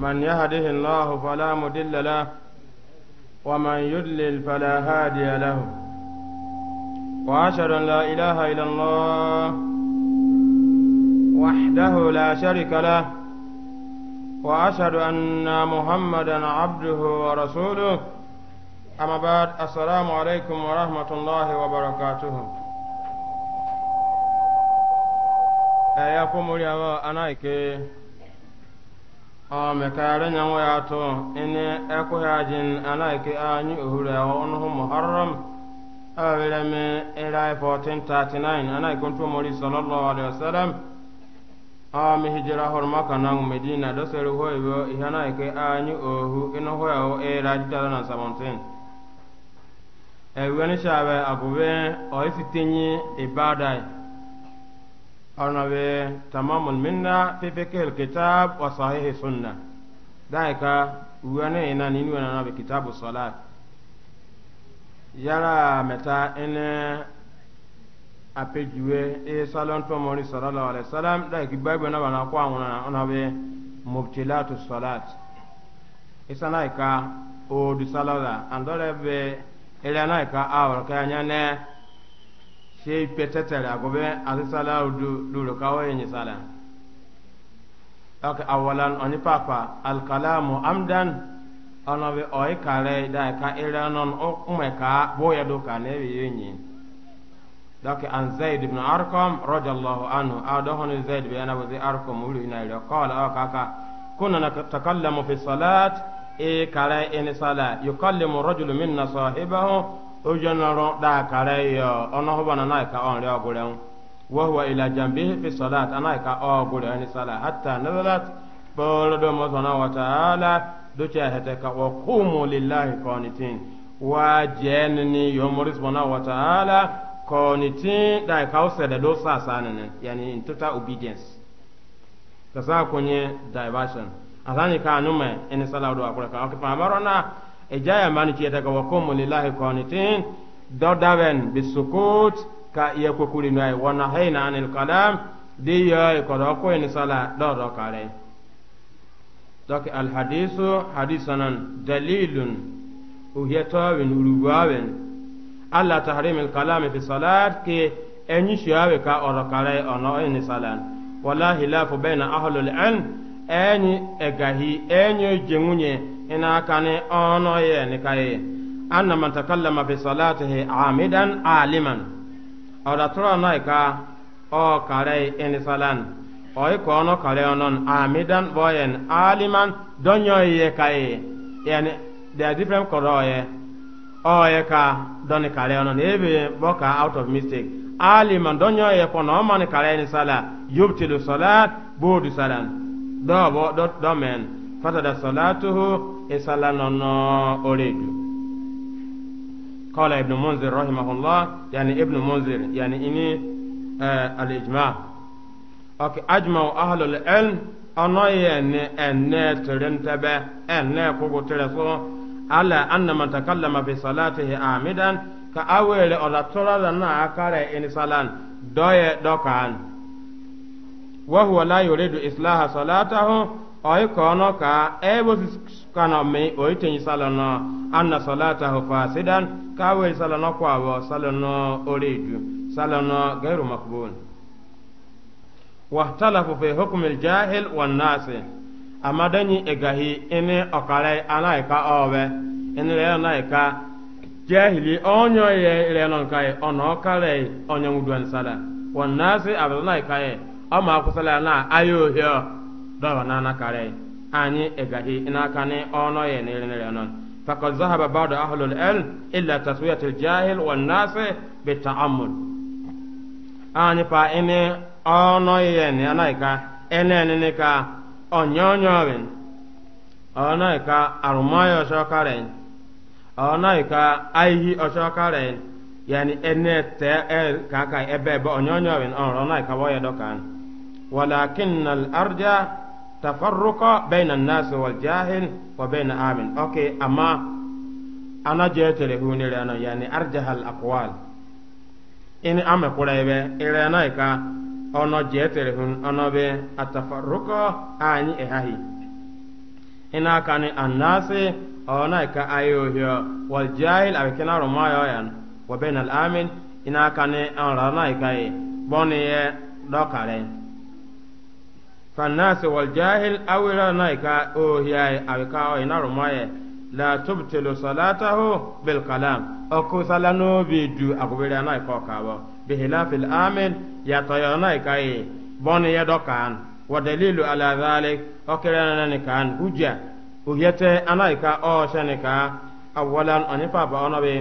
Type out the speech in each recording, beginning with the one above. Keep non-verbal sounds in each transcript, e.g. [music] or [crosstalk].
من يهده الله فلا مدل له ومن يدلل فلا هادي له وأشهد أن لا إله إلا الله وحده لا شريك له وأشهد أن محمدا عبده ورسوله أما بعد السلام عليكم ورحمة الله وبركاته أيكم اليوم أنايكي me kaare nyaŋo yaa to ene ekoyaajin anaike aanyi ohure onuhu muharram awere me 1439 anaike ntumori sallallahu alaihi wasallam a mi hijira maka kanaŋ medina do seri hoyibo ihanaike aanyi ohu ino hoyawo era 2017 ibadai ona be tamamul minna fi kitab wa sahihi sunna daika uwane ina nini na be kitabu salat yara meta ene apejuwe e salon to mori sallallahu alaihi wasallam daiki bible na bana kwa ona ona be mubtilatu salat isanaika o du salala andole be ele naika awra kanya ne shei petetere agobe alisala lulu kawo yenyi sala ok awalan oni papa alkalamu amdan ono be oyi kare da ka ire non o ume ka boya do ka ne yenyi dak an zaid ibn arqam radiyallahu anhu adahon zaid bi ana wazi arqam ulu ina ila qala akaka kunna natakallamu fi salat e kare in sala yukallimu rajulu minna sahibahu ojo noro da kare yo ono ho bana huwa ila jambihi fi salat anaika ka ogure ni sala hatta nazalat bolo do mo sona wa taala do cha hete ka wa qumu lillahi qanitin wa jenni yo moris bona wa taala qanitin da ka usede do sa sanene yani in total obedience kasa kunye diversion asani ka anume ene sala do akure ka okipa marona ejaya mani ci daga wa qumu lillahi qanitin dodaben bisukut ka iya kokuri nay wa nahayna anil kalam di ya ko do ko ni sala do do kare tok al hadisu hadisanan dalilun uhiyatawin uruwawen alla tahrimil kalam fi salat ke enyi shiawe ka oro kare ono ni salan wala hilafu baina ahlul ilm enyi egahi enyi jengunye ina kani ono ye ni kaye anna man takallama fi salatihi amidan aliman oda tora noy ka o kare ini salan oy ko ono kare onon amidan boyen aliman donyo ye kaye yani they are different koroye o ye ka doni kare onon ebe boka out of mistake aliman donyo ye ko no man kare ni sala yubtilu salat bodu salan do bo do men fatada salatuhu isala nono oredu قال ابن منذر رحمه الله يعني ابن منذر يعني إني آه الإجماع أوكي أجمع أهل العلم أنا يعني أن ترنتبه أن كوكو على أن من تكلم في صلاته عامدا كأول أولا ترى لنا أكاري إن صلاة دوية دوكان وهو لا يريد إصلاح صلاته oyi kono ka ebo kana mi oyi tenyi salono anna salatahu fasidan ka wei salono kwabo salono oreju salono gairu makbul wahtalafu fi hukmi aljahil wannasi amma danyi egahi ini okare anaika owe ini re anaika jahili onyo ye re non kai ono okare onyo ngudwan sala wannasi abana kai ama akusala na ayo hiyo dɔba nana kare ani egahi ina kani ɔnɔ ye nere nere non fakad zahaba ba'du ahli al-ilm illa taswiyat al-jahil wan nas bi ta'ammul ani pa ene ɔnɔ ye ne anaika ene ne ne ka onyonyo ben ɔnaika arumayo shokare ɔnaika aihi oshokare yani ene te el kaka ebe ebe onyonyo ben ɔnɔ ɔnaika boye dokan walakin al-arja tafarruqa bayna an-nas wal jahil wa bayna amin okay amma ana jetere hunire ana yani arjahal aqwal in ame kurebe ire ana ka ono jetere hun ono be atafarruqa ani ehahi ina kani annasi ona ka ayo hiyo wal jahil abekena romayo yan wa bayna al amin ina kani an rana ka e boniye dokare fannasi wal jahil awira naika ohiyai awika ina rumaye la tubtilu salatahu bil kalam kusala no bi du akubira naika kabo bi hilafil amin ya toyo naika yi boni ya dokan wa dalilu ala dhalik okira nani kan hujja uhiyate anaika o shanika awalan onifa ba onobe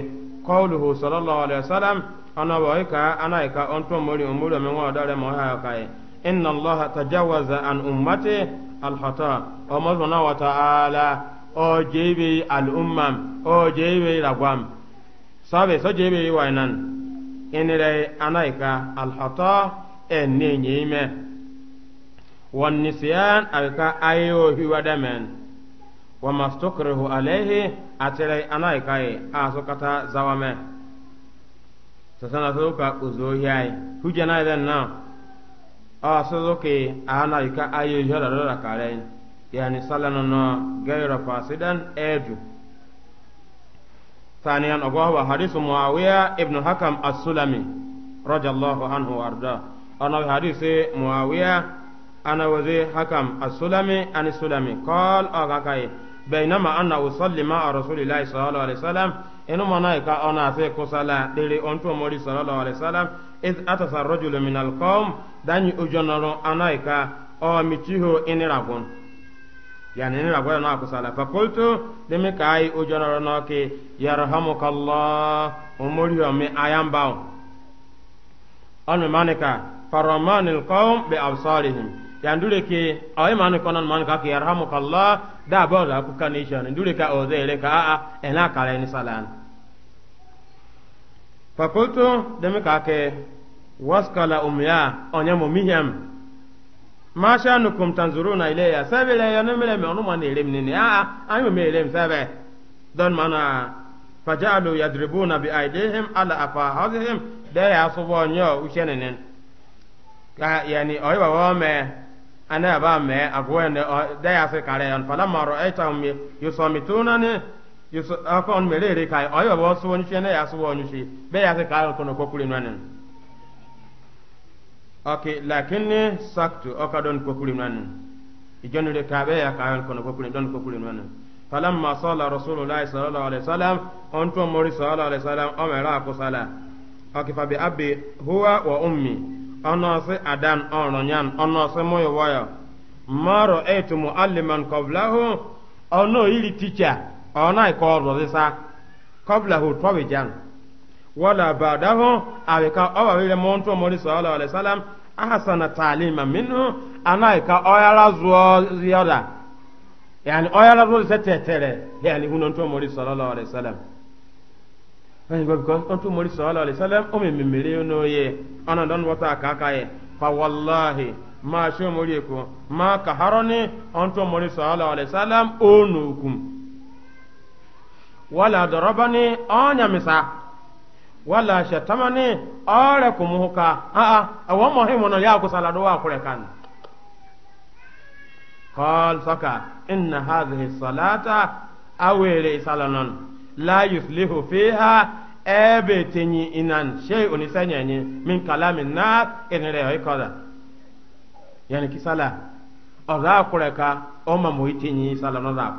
qawluhu sallallahu alaihi wasallam onobe ka anaika onto mori umuru mi ngodo re mo ha kai inna الله تجاوز an ummati alhata ọmọ sọ̀nà wa ta'ala ọ jẹ́bi al'ummam ọ jẹ́bi ragwam sabe so jẹ́bi wainan inire anaika alhata enne nyime wan nisyan alka ayo hiwadamen wa mastukrihu alayhi atire anaika asukata zawame sasana so ka uzo hiyai hujana idan na sozo ke ana ika ayo jara rara karen yani salano no gaira fasidan edu ثانيا أبوه حديث معاوية ابن حكم السلمي رضي الله عنه وأرضاه أنا حديث معاوية أنا وزي حكم السلمي عن السلمي قال أغاكاي بينما أنا أصلي مع رسول الله صلى الله عليه وسلم إنه منايكا أنا سيكو صلاة ديري أنتو مولي صلى الله عليه وسلم إذ أتى الرجل من القوم danyi ojonoro anaika o mitiho iniragun yani iniragun na akusala fa qultu demi kai ojonoro no ke yarhamukallah umuri o mi ayamba onu manika faramanil qawm bi absarihim yandure ke awai manu konan manu ka ke yarhamukallah da ba da ku kanishan ndure ka o zai ka a a ena kala ni salan fakultu demi ka waskala umya onye mumihem masha nukum tanzuru na ile ya sabe le ya nemele me onu mana ele mnene a ah, anyo ah, me ele msabe don mana fajalu yadribuna bi aidihim ala afahadihim de ya subo nyo ushenenen ka yani oyiba wa me ana ba me agwe ne de ya se kare on fala maro aitahum yusamituna ne yusafon melere kai oyiba wa subo nyushene ya subo nyushi be ya se kare kono kokule nwanen ok lakini saktu oka don kokuli nanu ijonire kabe ya kan kono kokuli don kokuli nanu falamma sala rasulullahi sallallahu alaihi wasallam to mori sallallahu alaihi wasallam amara ko sala ok fa bi abi huwa wa ummi ono se adan ono nyan ono se moyo waya maro etu mualliman qablahu ono ili teacher ona ko ro disa qablahu tawijan wala ba'dahu awika awawile muntu omuli sallallahu alaihi wasallam ahsana ta'lima minhu anaika oyala zuo ziyada yani oyala zuo zetetere yani huno ntu omuli sallallahu alaihi wasallam ayi ba because ntu omuli sallallahu alaihi wasallam o me memere no ye ana don wata kaka ye fa wallahi ma shi ko ma ntu sallallahu alaihi wasallam onukum wala darabani anya misa wala shatamani ore kumuhuka a, awa muhimu no ya kusala do akure kan qal saka inna hadhihi salata awere isalanon la yuflihu fiha ebe tenyi inan shay onisanyenye min kalamin nas enere oikoda yani kisala ora àkùrẹ̀ka ọmọ mọ̀ ìtìyìn ìsàlọ̀ náà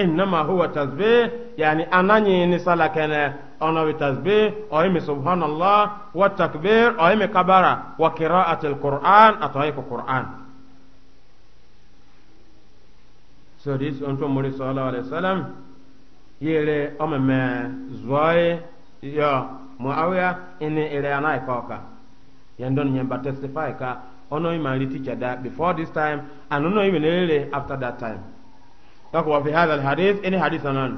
innama huwa tasbih yani anani ni sala kene ono bi tasbih o imi subhanallah wa takbir o imi kabara wa qira'ati alquran atoi ko quran so this on to muri sallallahu alaihi wasallam yele o meme zoi yo muawiya ini ile anai koka yandon nyemba testify ka ono imali teacher that before this time and ono imele after that time تقوى في هذا الحديث إن حديثنا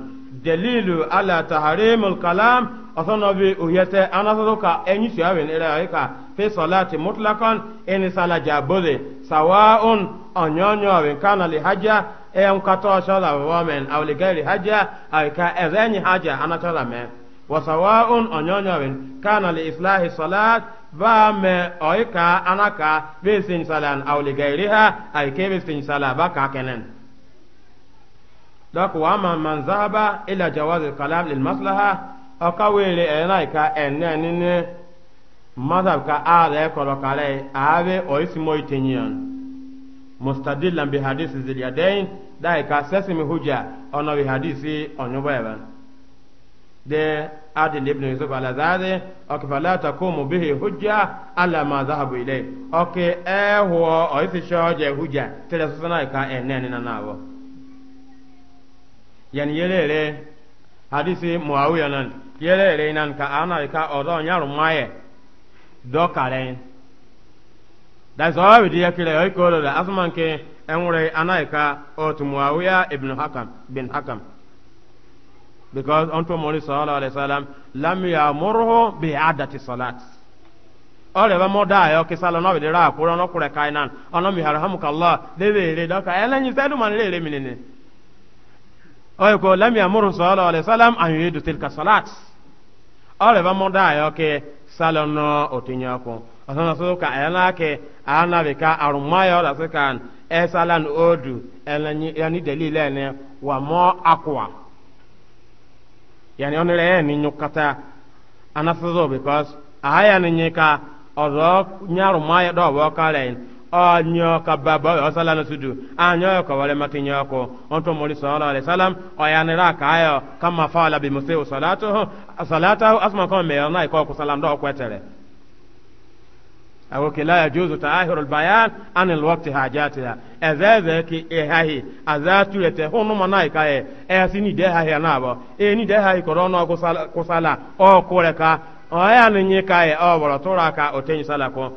دليل على تحريم الكلام أصنع في أهيته أنا صدوك أني شعبين إلى أيكا في صلاة مطلقا إن صلاة جابوذي سواء أنيون يوين كان لحجة أم كتو شلا ومن أو لغير حجة أيكا أذاني حجة أنا شلا من وسواء أنيون يوين كان لإصلاح صلاة بام أيكا أناكا بسنسالان أو لغيرها أيكا بسنسالا بكا كنن dɔk wa ma man zahaba ila jawazi kalam lil maslaha ɔka weere ɛnai ka ɛnɛ nini mazhab ka aarɛ kɔrɔ kare aabe oisi moi tenyiyan mustadillan bi hadisi zilyadain dai ka sesimi hujja ɔnɔ bi hadisi ɔnyubɛɛbɛ de adil ibn yusuf alazade ɔke fala takumu bihi hujja ala ma zahabu ilay ɔke ɛɛhoɔ oisi shɔɔjɛ hujja tere sosanai ka ɛnɛ nina naabɔ yele yelele hadisi muawiya nan yelele nan ka ana ka odo nyaru maye do kare da so bi ya kire oy ko da asman ke ana ka otu muawiya ibn hakam bin hakam because unto mori sallallahu alaihi wasallam lam ya'murhu bi adati salat ya na oye ko lam yamuru sallallahu alaihi wasallam an yuridu tilka salat ole ba moda yo ke salono otinya ko na so ka ana ke ana be ka aruma yo da se kan e salan odu elani yani dalil ene wa mo akwa yani onere e ni nyukata ana so because aya ni nyika ozo nyaru ma yo do bo kalen onyo ka baba o sala na sudu anyo ka wale mati nyako onto moli sallallahu alaihi wasallam o yanira ka ayo kama fala bi musi salatuhu salatahu asma kama me yana ko ku salam do kwetere awo ke la yajuzu ta'ahirul bayan an alwaqt hajatiha azaza ki ehahi azatu lete hunu manai ka e asini de hahi na bo e ni de hahi ko rono ko sala ko sala o ko reka o ya ni ka e o boro to ra sala ko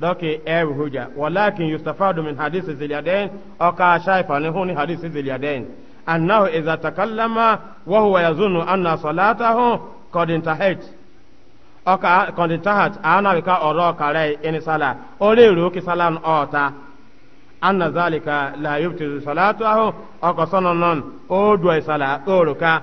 doki ewe huja walakin yustafadu min hadisi zilyadain oka shaifa ni huni hadisi zilyadain annahu idha takallama wa huwa yazunnu anna salatahu qad intahat oka qad intahat ana wika oro kare ini sala ore ru ki salan ota anna zalika la yubtilu salatahu oka sononon o duai sala oruka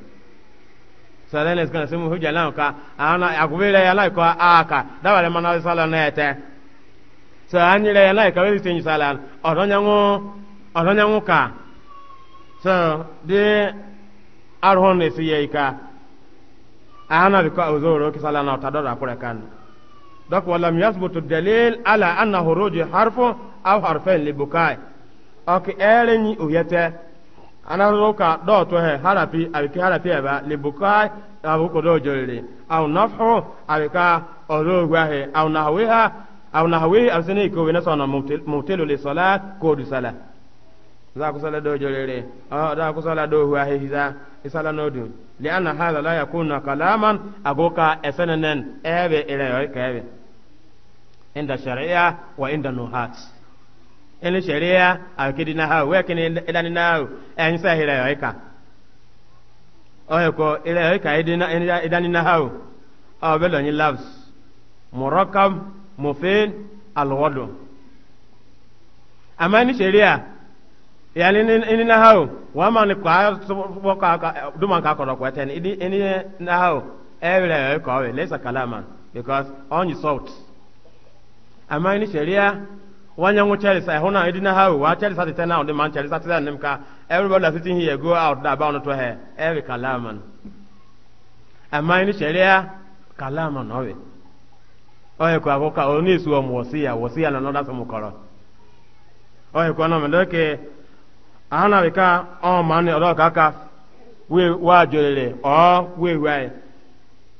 salene skana simu huja lao ka ana akubile ya lai kwa aka dawale manawe sala ete so anyile ya lai ka wezi tinyi sala odonyangu odonyangu ka so di arhon esi ye ka ana bika uzuru ki sala na utadora kule kan dok wala butu dalil ala anna huruji harfu aw harfain libukai ok elenyi uyete ana roka do to he harafi abiki harafi eba le bukai abu ko do jorire aw nafhu abika oro gwahe aw nahwiha aw nahwi absene ko wena sona mubtilu li salat ko du sala za ku sala do jorire ah da ku sala do huwa he hiza isala no du li anna hadha la yakuna kalaman agoka esenenen ebe ire yoy kebe inda sharia wa inda nuhat ene sheria akidi na hao weke ni edani na hao ensa hira yoika oye ko yoika edani na hao aw belo ni labs murakab mufin alwadu amma ni sheria yani ni na hao wa ma ni kwa bo ka duma ka ko ko ten ni na hao ewira yoika o lesa kalama because on you salt amma ni sheria wanya ngu chali sa hona eh, idina hawe wa chali sa tena on man chali sa tena nimka everybody that sitting here go out da bound to eh, her every kalaman amma eh, ni sheria kalaman owe oye kwa koka oni su omwosia wosia na noda so mukoro oye kwa na mdoke ana wika o oh, man odo kaka we wa jolele o oh, we wai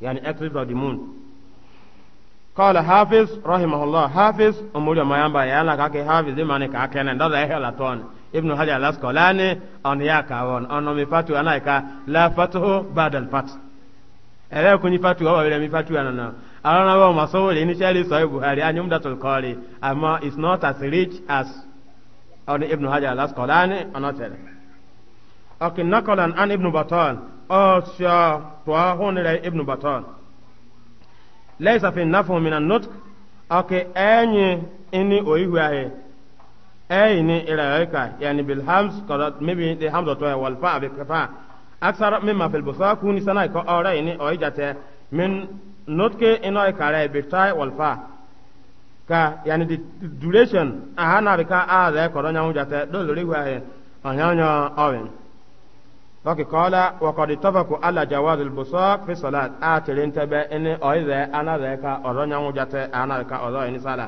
yani eclipse of the moon kala hafiz rahimahullah hafiz umuri mayamba ya ala kake hafiz imani kake na. ndoda ehe la ton ibnu hajar al asqalani on ya ka won on mi fatu anaika la fatu ba'da al fat kunyi fatu wa wale mi fatu anana alana wa masawli initially sahih buhari anyum datul qali ama is not as rich as on ibnu hajar al asqalani anatele akin naqalan an ibnu batal أوشا تواهون إلى ابن بطان ليس في النفع من النطق أكي أني إني أويه أيني إلى أيكا يعني بالهمس قد maybe the hamza to والفاء بالكفاء أكثر مما في البصاء كوني سنة كأوريني أويجاتي من نطق إنه يكاري بالتاء والفاء ka yani the duration aha na bika a da koronya mujate do lori wa he anya anya owen lọ́kì kọ́lá wọ̀kọ̀dì tọ́fọ̀kù alájàwádìí lùbùsọ́ fi sọ́lá àtìrí ń tẹ́bẹ́ ẹni ọ̀yẹ́dẹ́ anáàdẹ́ka ọ̀rọ̀ nyàwó jàtẹ́ anáàdẹ́ka ọ̀rọ̀ ẹni sálà.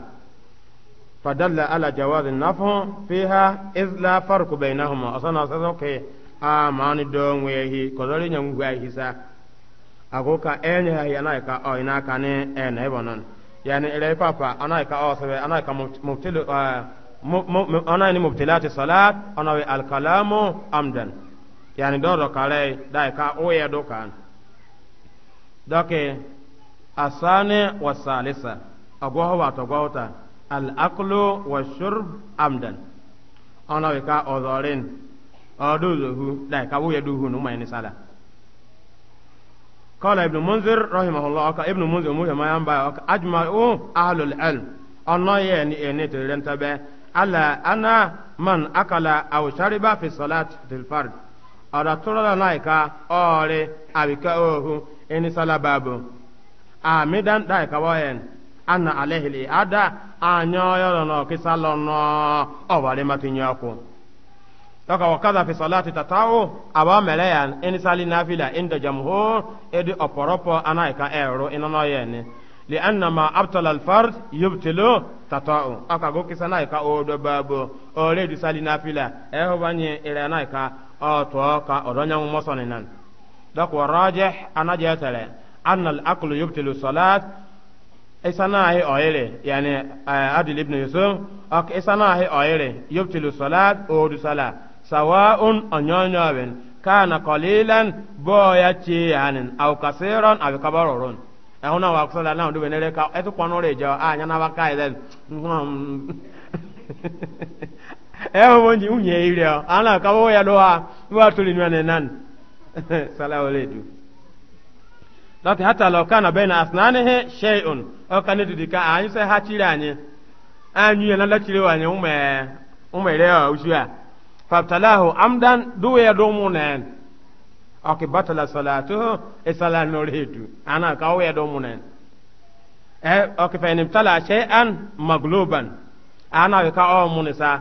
fàdàlẹ̀ alájàwádìí náfún fi ha isla farku bẹ̀yìn náà mọ̀ ọ̀sán náà sọ́sọ́ kì á máa ní dọ́n wẹ̀yì kọ́lọ́rì nyàwó gbà yìí sá. àkókò ẹni ha yẹn náà ọ̀yìn náà kan alkalamu amdan yani dodo kale dai ka oya dokan doke asane wa salisa agwaho wa to gwauta al aqlu wa shurb amdan ona we ka odorin odozuhu dai ka oya duhu no mai ni sala قال ابن منذر رحمه الله أكا ابن منذر مهم ما ينبع أكا أجمعوا أهل العلم الله يعني إني ترين تبع على أنا من أكل أو شرب في صلاة الفرد ọ̀dà tọ́lọ́lá náà ìka ọ̀ọ́rẹ́ àbíká òhun ẹni sálábàbò àmì dáńtà ìka wọ́yẹn ana alẹ́hìlẹ̀ ada na yọ̀rọ̀ náà kí sálọ̀ náà na má ti yẹ ọkù. Dọ́kà wọ́n fi sọ́lá ti tàtàwó àbá mẹ́lẹ́ mere ẹni sálí náà fìlà ẹni dọ̀jà na to ka odonya mu mosoni nan dak wa rajih anaje tale anna al aqlu yubtilu salat isana hi oyele yani adil ibn yusuf ak isana hi oyele yubtilu salat o du sala sawa'un anyonya ben kana qalilan boya chi yanin aw kasiran aw kabarorun ehuna wa kusala na ndube nere ka etu kwanore jo anya na baka ile ewe wonji unye ile ana kawo ya doa watu linywa nenan [laughs] salamu alaykum lati hata law kana baina asnanihi shay'un o kana didika anyi se ha chire anyi anyi na na chire wanyi ume ume ile o ushua fabtalahu amdan duwe ya domu nen oke batala salatuhu isala e noritu ana kawo ya domu nen e oke fa inimtala shay'an magluban ana ka o munisa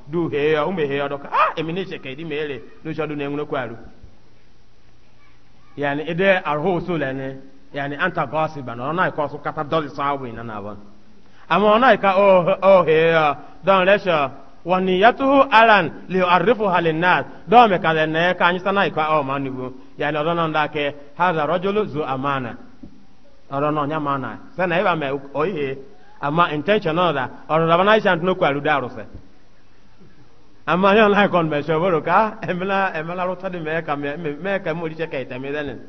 du heyo ume heyo doka ah eminishe kaidi mele no shodu ne ngune kwaru yani ide arho sulene yani anta gossip na ona ko so kata dol sawi na na ba ama ona ka o o heyo don lesha waniyatuhu alan liyuarifuha linnas do me kale ne ka anyi sana ka o manubu yani odona ndake hadha rajulu zu amana odona nya mana sana iba me oihe ama intention oda odona na isha ntno kwaru daruse amma yon lai kon be so boro ka emla emla rota de me ka me ka mo diche ka itame denen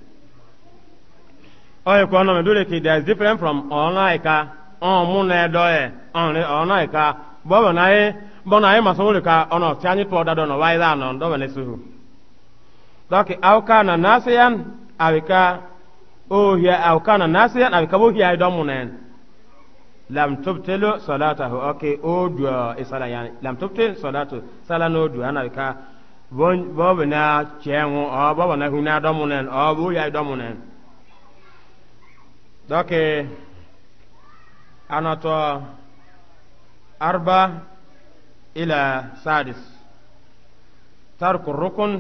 oye ko no me dole ki there different from online ka on mu na do e on online ka bo na e bo na e ma so ka ono ti to da do no wai da no do ne su doki au ka na nasiyan awika o hiya au ka na nasiyan awika bo hiya do mu na lam tubtilu salatahu oke odu isala yani lam tubtil salatu sala no odu ana ka bon bobu na chenwu o bobu na huna domunen o bu ya domunen doke anato arba ila sadis tarku rukun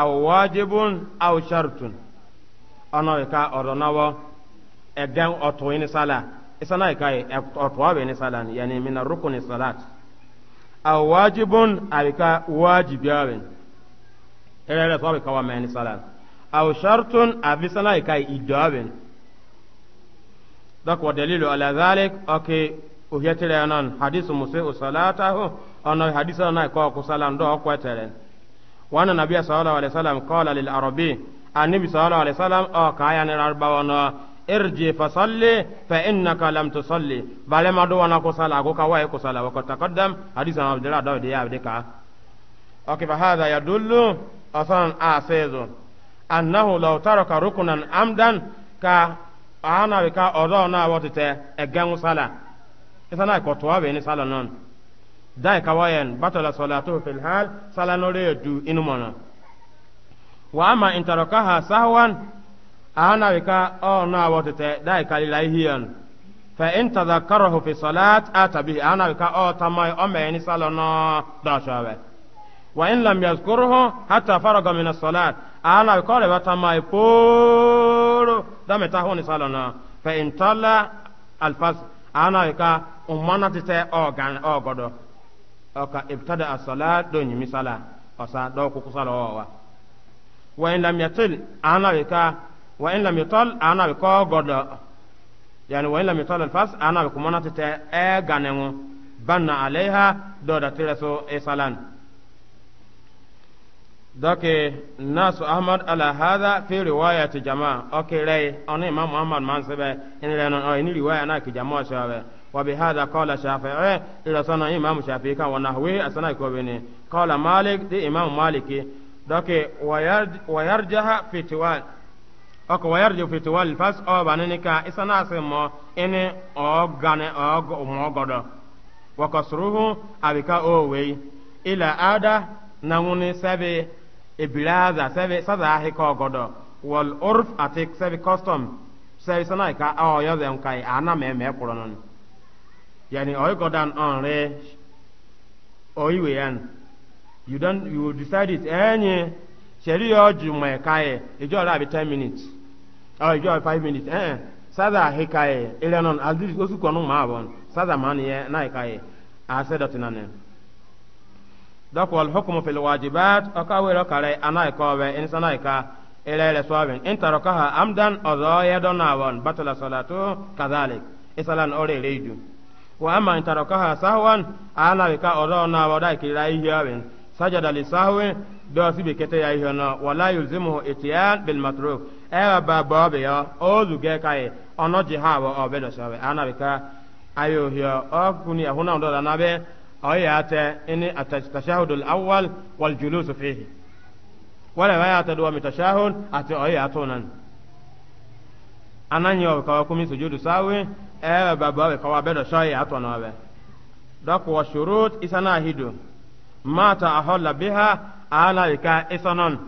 aw wajibun aw shartun ana ka odonawo eden otoyin sala isana kai otwa be ni salan yani mina rukun salat aw wajibun alika wajibawen erere so be kawa me ni salan aw shartun abisana kai idawen dak wa dalilu ala zalik okay uhiyatere nan hadisu musi salatahu ana hadisa na ko ko salan do ko tere wana nabiyya sallallahu alaihi wasallam qala lil arabi annabi sallallahu alaihi wasallam o kaya ni arbawana irji fasalli fa innaka lam tusalli bale ma do wana ko sala ko kawai e ko sala wa ko taqaddam hadith an abdullah dawud ya abdika okay fa hadha yadullu asan asezo annahu law taraka rukunan amdan ka ana ka odo na wotete egan sala isana ko to awe ni sala non dai kawayen batala salatu fil hal sala no re du inumona wa ama intarakaha sahwan ana wika ona wotete dai kalila hiyan fa in tadhakkarahu fi salat atabi ana wika o tamai o meni salono dashawe wa in lam yazkurhu hatta faraga min as-salat ana wika le batamai poro dameta honi salono fa in tala al ana wika umana tete o gan o godo o ibtada as-salat do nyimi sala osa do kukusala wa wa in lam yatil ana wika وإن لم يطل أنا بكو غدا يعني وإن لم يطل الفاس أنا بكمونا تتأي غنمو بنا عليها دودة تلسو إسالان دوك ناس أحمد على هذا في رواية جماعة أوكي لي أنا إمام محمد منصبه إن لأنه أو إن رواية أنا كجماعة شابه وبهذا قال الشافعي إلى صنع إمام شافعي كان ونحوه أسنى كوبيني قال مالك دي إمام مالكي دوك ويرجح في توال ọkọ waya jo fiti wal fas o banani ka isa se mo ini o gane o mo godo wa kasruhu abika o wee ila ada na nguni sebe ibilaza sabe sada ahi ko wal urf ati sebe custom sebe sana ka o zem dem kai ana me me kuro non yani o godan on re o iwe you don't you decide it enyi sheri yo jume kai ijo ra bi 10 minutes Oh, you have five minutes ẹn eh, sada hikaye ilanon aziz osu kọnu maa bọn sada maa ni yẹ eh, na hikaye said that na ne. dọkọl hukumu fili wajibat ọka wẹrẹ kare ana ikọ bẹ ẹnisa na ika ilẹẹlẹ sọọbin intaro amdan ọzọ yẹ dọ na bọn batala salatu kazalik isalan ọrẹ rẹ wa ama intaro sahwan ana ika ọzọ na bọn da ikirira ihe ọbin sajada lisahwe dọsi bi kete ya ihe wala yulzimu itiyan bil matruk ewa ba ba obe yo ozu ge kai ono ji ha wa obe do sobe ana be ka ayo hiyo okuni ahuna ndo na be oya ate ini atashahudul awwal wal julus fihi wala waya ate do mi tashahud ate oya atonan ananyo ka kumi sujudu sawi ewa ba ba ka wa be do soya atona be dɔk wa shurut isana hido mata ahola biha ala ika isanon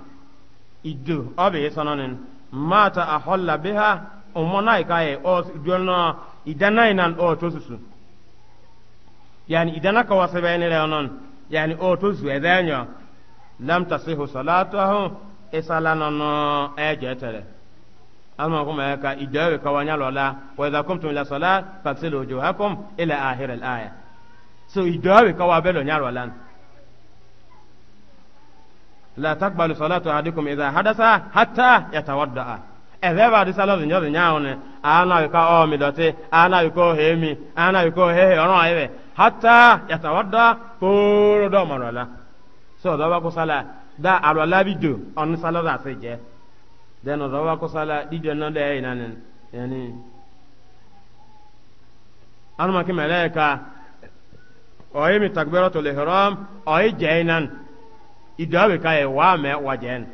ido obe isanonin mata aholla biha umona ikaye o jonno idana inan o tosusu yani idana ka wasabe ne leonon yani o tosu edenyo lam tasihu salatuhu isalanono ejetere alma kuma ka idawe ka wanyalola wa idha kumtum ila salat fagsilu wujuhakum ila ahir al aya so idawe ka wabelo nyalolan la takbalu salatu ahadikum idha hadasa hatta yatawaddaa ẹ̀fẹ́fà àti sálọ́ọ̀sì ní ọ̀sìn yáà ọ̀nẹ́ àánà ìkọ́ ọ̀mì dọ̀tí àánà ìkọ́ hèémi àánà ìkọ́ hèhè ọ̀ràn ẹ̀fẹ̀ hátà yàtàwọ́dá kóró dọ̀mọ̀rọ̀ la sọ ọ̀dọ́wà kó sálà dá àrò alábìjò ọ̀nù sálọ́ọ̀sì àti jẹ́ dẹ́nu ọ̀dọ́wà kó sálà dídì ọ̀nà dẹ́ ẹ̀yìn nánì yẹnì. anumaki mẹlẹ́ẹ̀ka idawe kaye wa me wajen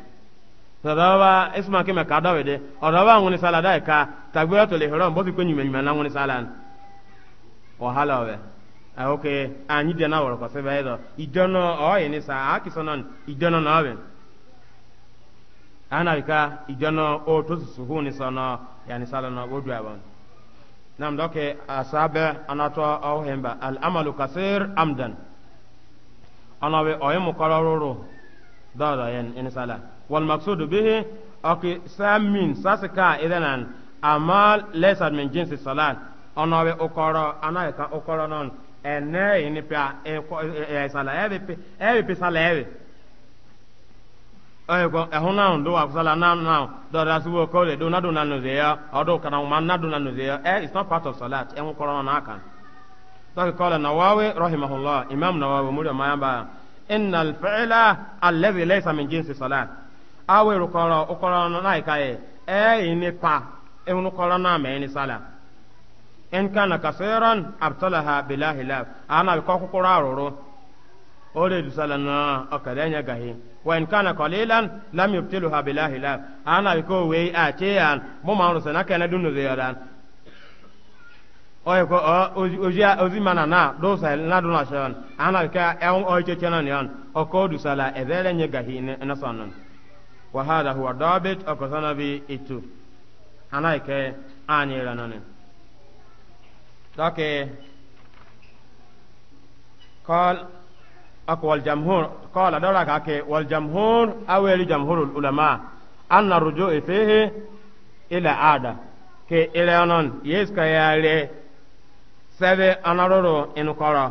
sadaba isma kime ka dawe de odaba ngoni sala dai e ka tagbiratul ihram bo ko nyume nyume na ngoni sala o halawe oke anyi de na woro ko se baido idono o yini e sa akisonon idono na awen ana ka idono o to suhuni sono yani sala na bodu abon nam doke asabe anato o hemba al amalu kasir amdan anawe oyimu e korororo dɔɔdɔ yɛn in sala walmaksudu bihi ɔki samin sasi kaa idanan amma lɛsa min jinsi salat ɔnɔ bi ukɔrɔ ana yi ka ukɔrɔ nɔn ɛnɛ yi pia ɛ sala ɛbi pi ɛbi pi sala ɛbi ɔyɛ kɔ ɛhun do wa sala na naa dɔɔdɔ asi wo kɔɔle do na do na nuzi ya ɔdo kana ma na do na nuzi ya. ɛ it's not part of salat ɛhun kɔrɔ nɔn n'a kan dɔɔki kɔɔle nawawi rahimahullah imam nawawi mu ma yan ba إن الفعل الذي ليس من جنس صلاة أو يقرأ أقرأ نايكا أي نبا إن قرأ نام إن صلاة إن كان كثيرا أبطلها بلا خلاف أنا بكوكو قرارو ole dusala na ọkàdé anya gahi wọn kana kọlilan lam yubtiluha bilahi la ana ko wei a ce mu ma rusa na kana dunu ziyaran oye ko oziya ozi mana na do na do e, na shon ana ka e on oje chenan yon o du sala e nye gahi na sonon wa hada huwa dabit o ko bi itu ana ke ani ranan dake qal aqwal jamhur qala dawla ka ke wal jamhur awel jamhurul ulama anna ruju'i fihi ila ada ke ila non yes ka yale sɛbi anaroro inukɔrɔ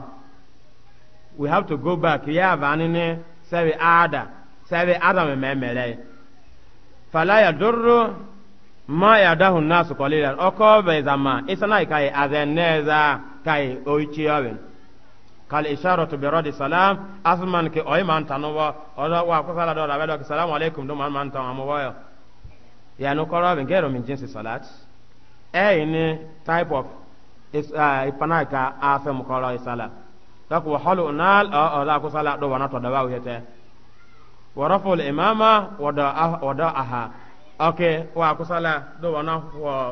we have to go back ya bani ni sɛbi aada sɛbi adam mɛmɛrɛ fala ya duru ma ya dahu nasu kɔlila ɔkɔ bɛ zama isana ka yi azɛn nɛɛza ka yi oyikyiyɔbi kal isharo to bɛrɛ di salam asuman ke ɔyi man tanu bɔ ɔdɔ wa kɔsala dɔ la bɛ dɔ ki salamu aleykum do man man tan amu bɔ bi gɛrɛ min jinsi salat ɛyi ni type of Uh, ipana ka afe mukɔrɔ isala dɔk wa hɔlu naal ɔ uh, ɔ uh, la ko sala do wana to dawa wiyete wa rafol imama wada ah, wada aha ok wa ko sala do wana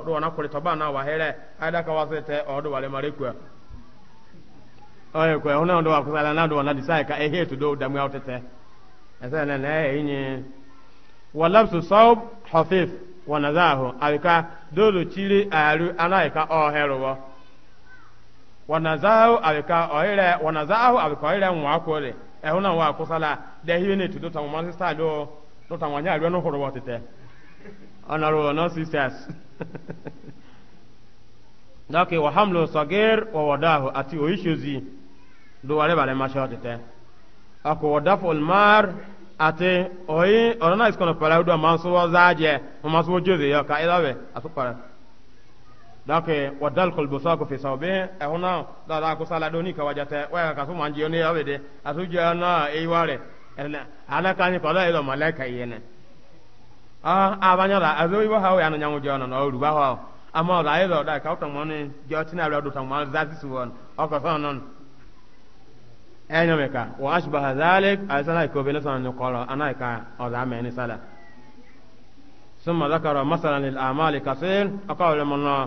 do wana kuli toba na wa hele ada ka wasete o do wale mare kwa oye kwa hona do wa ko sala na do wana disai ka ehe to do damu ya otete esa na na e nyi wa labsu sawb hafif wa nadahu alika dolo chiri aru anaika o herowo wanazahu abika oire wanazahu abika oire nwa akore ehuna nwa akusala de hiwe ne tudo tamwa sista do to tamwa nya alwe no horo wotete honorable no sisters dake [laughs] wa hamlu sagir ati oishozi do wale bale mashotete ako wadafu almar ati oyi orana iskono para do manso wazaje manso joze yo ka ilawe asupara donc wadal kol bosa fi sawbe e da da ko sala doni ka wajata wa ka so manji oni yawe de asuji ana e ware ana ka ni kola ilo malaika yene a abanya la azo iwa hawo ya nyanwu jona no ho ama la ilo da ka moni ma si o ko son non enyo meka wa ashbaha zalik ko ni ana ka o da me ni sala ثم ذكر مثلا كثير من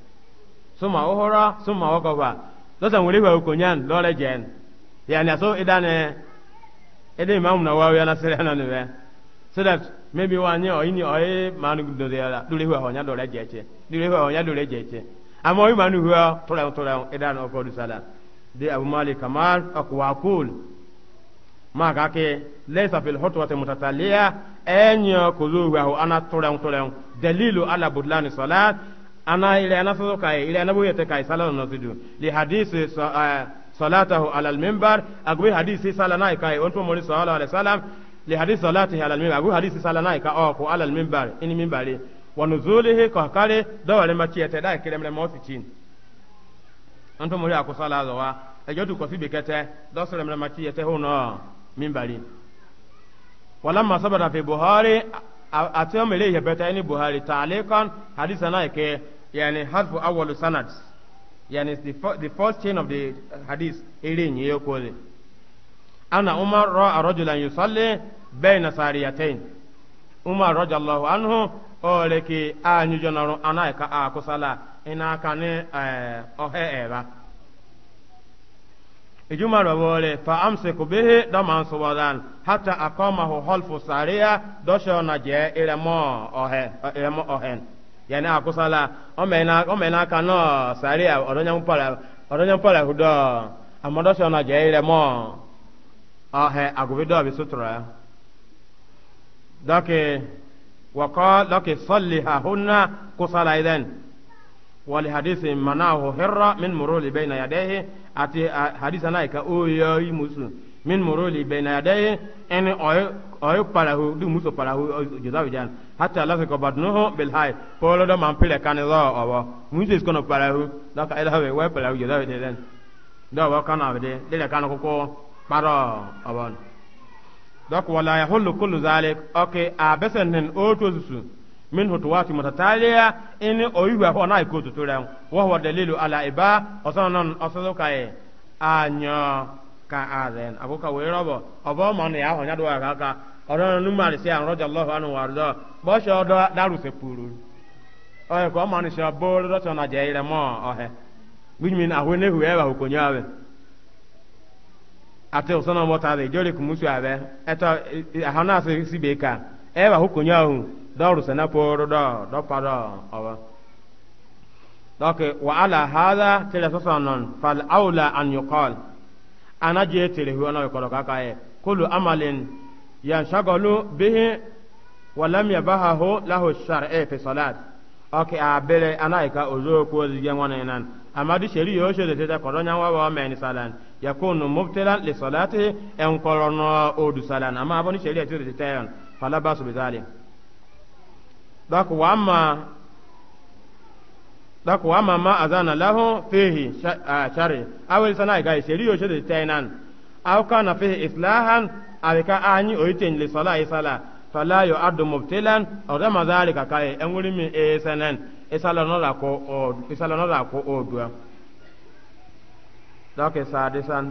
suma uhura suma wakoba sasa mwili wa ukonyan lole jen yani aso idane ede imam na wawe ana sere ana ne so that maybe wanye o ini o manu do de ala dole wa honya dole jeche dole wa honya dole jeche ama o manu wa tola tola idane o kodu de abu malik kamal akwa kul ma ga ke laysa fil hutwati mutataliya enyo kuzuhu ana tola tola dalilu ala budlani salat ana ile ana so kai ile ana boye te kai salatu no sidu li hadisi eh, salatahu ala al-minbar agwe hadisi salana kai onto mori sallallahu alaihi wasallam li hadisi salatihi ala al-minbar agwe hadisi salana kai o ko ala al-minbar ini minbari wa nuzulihi ka kare dawale machiete da kiremle mosi chin onto mori akusala zawa ejodu ko sibe kete do soremle machiete hono minbari walamma sabara fi buhari atiyom ile yabata yani buhari ta'alikan hadisana ke yani hadfu awwalu sanad yani the, the first chain of the hadith ile ni yokole ana umar ra'a rajulan yusalli bayna sariyatayn umar radiyallahu anhu ole ki anyu jonaru ana ka akusala ina ka ni eh, ohe eba ijuma rawole fa amsiku bihi daman suwadan hata akọmahu holfu saria dosho na jee iremọ ọhẹ iremọ ọhẹn yẹni akusala omena omena kanọ saria na jee iremọ ọhẹ agubidọ bi sutura dọki wakọ dọki sọli hahunna kusala idan wali hadisi manahu hirra min ati ka min muruli bayna yadayhi en oyo palahu du muso palahu juzawi jan hatta lafi ko badnuhu bil hay polo do man pile kan zo obo muso is kono palahu da ka ilawe wa palahu juzawi de den do wa kana de de kan ko ko paro obon dok wala yahullu kullu zalik okay a besen oto zusu min hutuwati mutataliya ini oyuwa ho na ikoto to ran wa huwa dalilu ala iba osanan osalo kai anyo ka a abuka werobo obo mon ya honya do aga ka oro nu mari se an roja allah anu wardo bo sho do daru se puru o ko man sho bo do to na jeire mo ohe bijmi na hwe ne hwe ba ko nyawe ate usana mota de jori ku musu abe eto hana se sibe ka e ba ko nyawu do ru se na puru do do pa do oba donc wa ala hadha tila fal aula an yuqal ana je tere huwana ko ka kae kullu amalin yanshagalu bihi wa lam yabahahu lahu shar'e fi salat oke abele ana ka ozo ko zige ngwana nan amadi sheri yo shede tete koronya wa wa men salan yakunu mubtilan le salati en korono odu salan ama ni sheri tete tete yon fala basu bizali dak wa ama. dako wa mama azana lahu fihi shari awel sana ga sheri yo shede tainan aw kana fihi islahan alika anyi oiten li sala isala fala yo adu mubtilan aw da mazalika kai enwuri mi esanan isala no la ko o isala no la ko o dua dako sadisan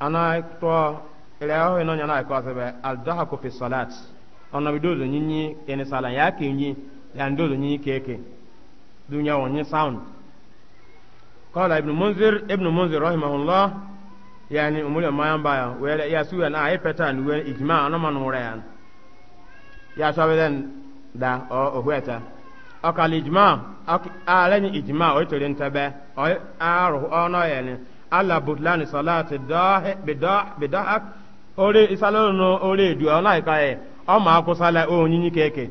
ana to ile ho ino nyana ko sebe al dahaku fi salat ona bidozo nyinyi ene sala yake nyinyi ya ndozo nyi eke ndụ wonyi sound qala ibn munzir ibn munzir rahimahullah yani umuri mayan baya mbaya ya suya na ayi pattern we ijima ana man ya ya sabelen da o ohweta ijima ijma alani ijma o tore ntabe o aru ono yani ala butlan salati dah bidah bidahak ore isalono ore edu ona ikaye o ma akusala o nyinyi keke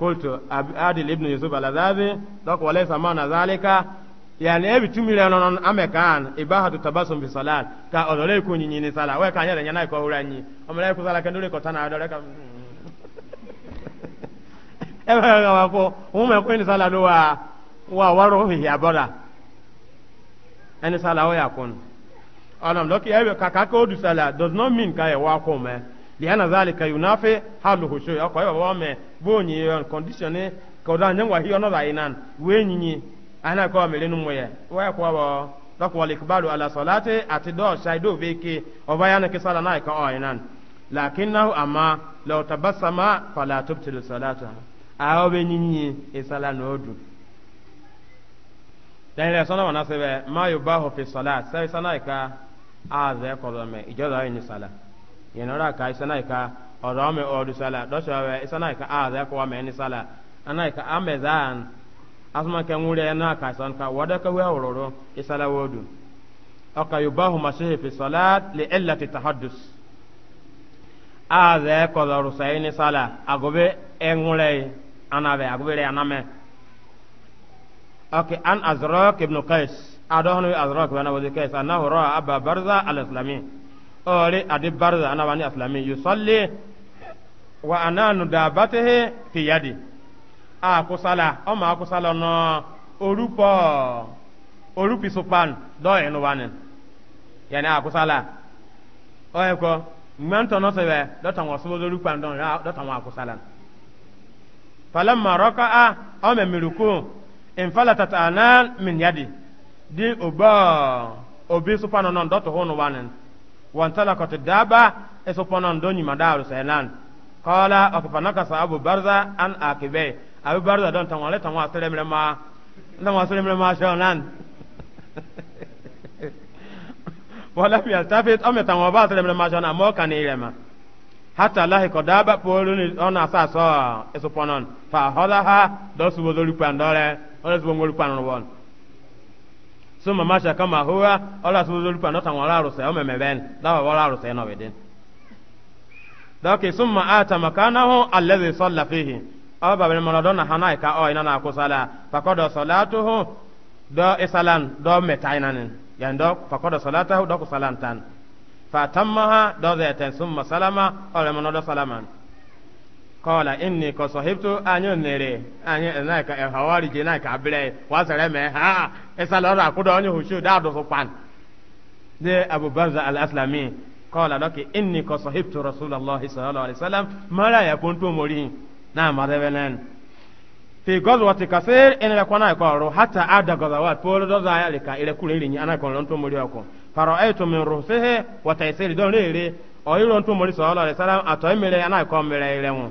قلت عادل ابن يوسف العذابي دوك وليس معنى ذلك yani ebi tumire nonon amekan ibahatu tabasum fi salat ka odole ko nyinyi ni sala we ka nyere nyana ko huranyi omere ko sala kendure ko tana odole ka ebe ga wa ko umme ko ni sala wa wa waro hi abora ani sala o ya kon onam doki ebe ka ka ko du sala does not mean ka e wa ko me liana dhalika yunafi haluhu shay ako ayo wa me bonyi yon condition ko da nyangwa hiyo no dainan wenyinyi ana kwa me lenu moye wa ko wa dako wal ikbalu ala salati atido shaido veke obayana ke sala nai ka oinan lakinnahu amma law tabassama fala tubtilu salata awo benyinyi e sala no du dan le sona wana sebe ma yubahu fi salat sai sanaika aze ko do me ijoda yin sala yenora ka isana ka orome odu sala dosha we isana ka aza ah, ko wa meni sala anai ka amezan asma ke ngure na ka san ka wada ka we ororo isala wodu aka yubahu masihi fi salat li illati tahaddus aza ah, ko doru sayni sala agobe engure anabe agobe re aname aka an azraq ibn qais adohnu azraq wa na wadi qais annahu ra'a abba barza al-islami ore adi barza ana wani aslami yusalli wa ananu dabatihi fi yadi a kusala o ma kusala no orupo orupi supan do enu wanin yani a kusala o e ko mmanto no sebe do tan wa so do rupan don ra do tan wa kusala falamma raka'a o me miruku in falatat anan min di oba obi supan no do to hunu وانطلقت الدابة اسوبنا ندوني مدار سهلان قال أكفناك أبو برزة أن أكبي أبو برزة دون تنوالي تنوى سلم لما تنوى سلم لما شونان ولم يلتفت أم تنوى بعض سلم لما شونان مو كان إلما حتى لاحق دابة بولون أنا ساسو اسوبنا فأخذها دوسو بذلو باندولي ولسو بذلو باندولي suma masha kama huwa ola suzulu pa nota wala rusa o memeben dawa wala rusa no bedin doke summa ata ah, makanahu alladhi salla fihi oh, aba ben maradona hanai ka o oh, ina na kusala fakodo salatuhu do isalan do metainanin yan do fakodo salatahu do fa fatammaha do zaitan summa salama ola oh, manodo salaman kọ́ọ̀lá inni kọ sọ̀hìbtú anyọ́ nìrì anyọ́ ẹ̀náìka ẹ̀họ́wárì e jẹ́ náìka abirẹ̀ wà sẹ̀rẹ̀ mẹ́ ha ẹ̀sà lọ́rọ̀ àkúdọ̀ ọ̀nyẹ́ hùṣù dáàdùsù pan. de abubarza al-aslami kọ́ọ̀lá dọ́kì inni kọ sọ̀hìbtú rasulillahi sallallahu alayhi wa mara ya kó tó mori náà má dẹ́bẹ̀ nẹ́n. fi gọ́zù wàtí kasir ẹni rẹ̀ kọ́nà ẹ̀kọ́ ọ̀rọ̀ hata ada gọ́zà wà pọ́ọ́lọ́ dọ́zà ayálìka ìrẹ́kùnrin ìrìn anáìkọ̀ lọ́n tó mori ọkọ̀ fàrọ̀ ẹ̀tọ́ mi rò síhe wàtà ìsẹ́rì dọ́n léèrè ọ̀yìn lọ́n tó mori sọ̀rọ̀ lọ́rẹ̀ sálám àtọ̀ ìmìlẹ̀ anáìkọ̀ mìlẹ̀ ìrẹ̀ wọn.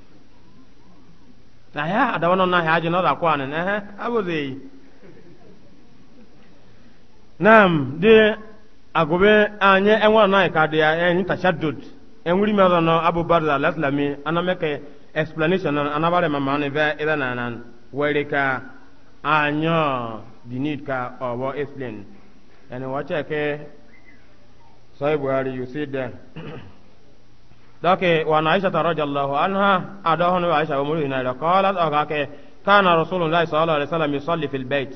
na ya adawana na ya ajina da kwani na ha abuzei nam de agobe anye enwa na ka de enyi tashaddud enwuri mi no abu barza laslami anameke explanation na anabare mama ne ida na nan were ka anyo di need ka obo explain and wacha ke sahib buhari you see there dake wa na aisha radhiyallahu anha adahun aisha wa muri na qalat agake kana rasulullahi sallallahu alaihi wasallam yusalli fil bait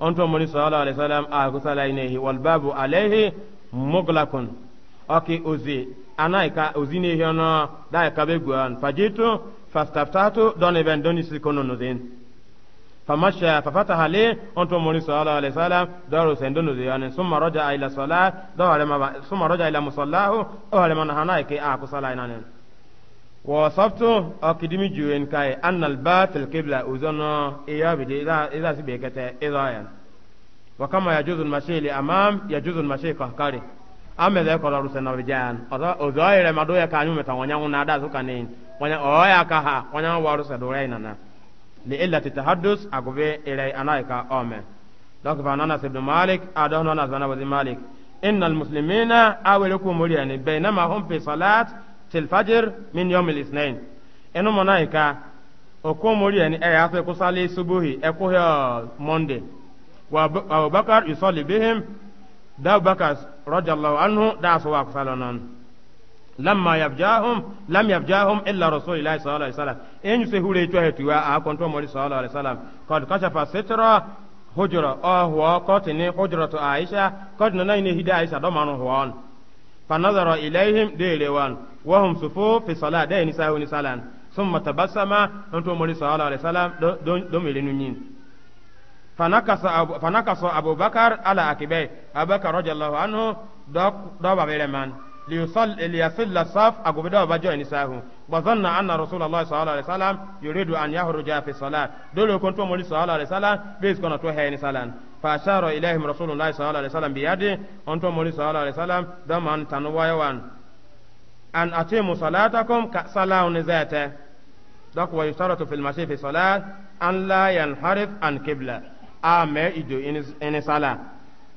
onto muri sallallahu alaihi wasallam agusala inehi wal babu alaihi muglaqun aki ozi anaika ozi ne hono dai kabe guan fajitu fastaftatu don even doni sikono no den famasha fafataha le onto moni sallallahu alaihi wasallam daro sendono de yani summa raja ila salat dawale ma summa raja ila musallahu dawale man hanai ke a kusala inane wa sabtu akidimi juwen kai annal batil qibla uzana iyabi de ila ila sibe kete izayan wa kama yajuzu al-mashi li amam yajuzu al-mashi qahqari ame de kolaru senavijan oza ozaire madoya kanyu metawanya unada zukane wanya oya kaha wanya waru sedore nana li illati tahaddus agobe ere anaika ome donc fa nana ibn malik adon nana zana wa malik inna al muslimina awele ku muriyani bainama hum fi salat til fajr min yawm al ithnain eno monaika oku muriyani e ya fe kusali subuhi e ku ya monday wa abubakar yusalli bihim da abubakar radiyallahu anhu da so wa kusalonan lamma yabjahum lam yabjahum illa rasulillahi sallallahu alaihi wasallam enyu se hure to hetu wa a konto mori sallallahu alaihi wasallam qad kashafa sitra hujra ahwa qatni hujratu aisha qad nanaini hida aisha do manu hwan fa nazara ilaihim dilewan wa hum sufu fi salat da ni sahu ni salan thumma tabassama konto mori sallallahu alaihi wasallam do do melinu nyin fanakasa abu fanakasa abubakar ala akibai abubakar radiyallahu anhu do do babere man ليصل الصف أقبل دوا بجوا نساءه وظن أن رسول الله صلى الله عليه وسلم يريد أن يخرج في الصلاة دلو كنت مولي صلى الله عليه وسلم بيس كنا توه هاي نساء فأشار إليهم رسول الله صلى الله عليه وسلم بيدي أنت مولي صلى الله عليه وسلم دمان تنوايا وان أن أتيموا صلاتكم كصلاة نزاته دك ويشترط في المشي في الصلاة أن لا ينحرف عن قبلة أمي إدو إنسالا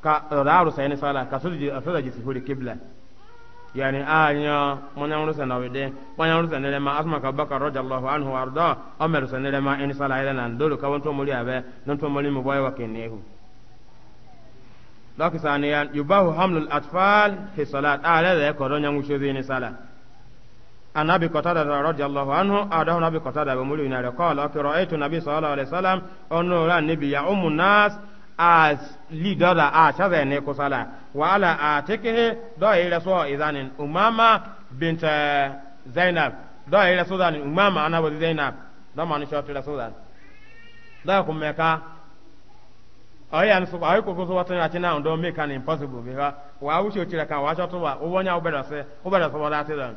كرارو سينسالا كسودجي أفضل جسيفوري قبلة yani anya mwana rusa na wede mwana rusa ne ma asma ka bakar radiyallahu anhu arda amma rusa ne ma in sala ila nan dole ka wonto muri abe non to muri mu boy wa kenehu laki saniyan yubahu hamlul atfal fi salat ala da ko ronya ngusho zini sala anabi qatada radiyallahu anhu adahu nabi qatada be muri na re qala qira'aytu nabi sallallahu alaihi wasallam onu nabi ya ummu nas as lidada a shaza ne kusala wa ala a tikihi do yi e raso izanin umama binta eh, zainab do yi e raso zanin umama ana wazi zainab do manu shoti raso zan do e kun meka oya su ayi ko so watan ati na ndo make an impossible because wa wuce o tira kan wa shoto wa o wonya obeda se obeda so wala ti dan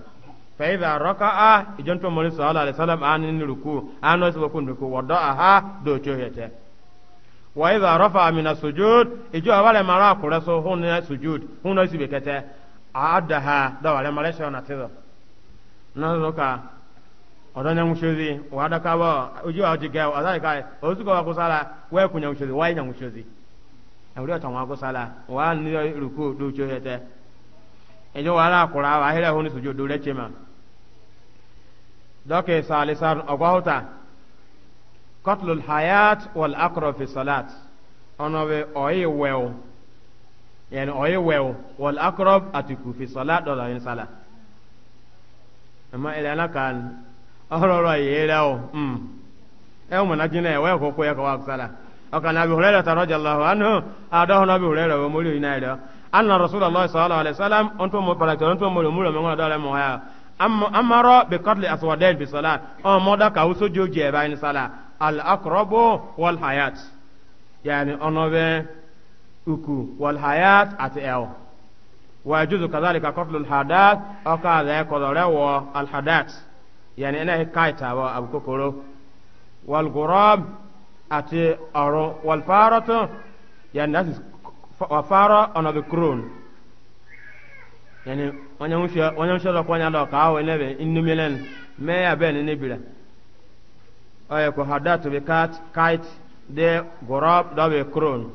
fa idha raka'a ijonto mori sallallahu alaihi wasallam anin ruku anos wa kun ruku wada aha do cho yete wa idha rafa min as-sujud ijo awale mara kure so hun na sujud hun na sibe ha, adaha da wale mara sha na tizo na zo ka odonya mushozi wa da ka ba ijo aji wa dai kai o su ko kusala we kunya mushozi wa nya mushozi na uri ta wa kusala wa ni ruku do hete ijo wala kura wa hele hun sujud do le chema doke kotlul hayat wal akro fi salat ọ̀nà bẹ ọ̀yẹ́ wẹ̀wò yẹn ọ̀yẹ́ wẹ̀wò wal akro àtìkù fi salat dọ̀là yẹn sálà ẹ̀ma ẹ̀rẹ́ alákan ọ̀rọ̀ ọ̀rọ̀ yìí rẹ̀ ọ̀ ẹ̀ wọ́n mọ̀ náà jìnnà ẹ̀ wọ́n ẹ̀kọ́ kó yẹ kó wá sálà. وكان أبي هريرة رضي الله عنه أداه أبي هريرة ومولي هنا أن رسول الله صلى الله عليه وسلم أنتم مبارك أنتم مولي مولي من غير مهايا أمر بقتل أسودين في الصلاة أو مدك أو سجوجي بين الصلاة al akrobo wal hayat yani ono be uku wal hayat at el wa yajuzu kadhalika qatlu al hadat aw ka za kodore wo al hadat yani ina hikaita wa abukokoro wal gurab at aro wal faratu yani that is wa fara ono be crown yani onyamusha onyamusha lokwa nyalo ka awo inebe inumelen me ya be ni nibira ɔyɛ ko hadatu bi kat kait de gorab da bi kuron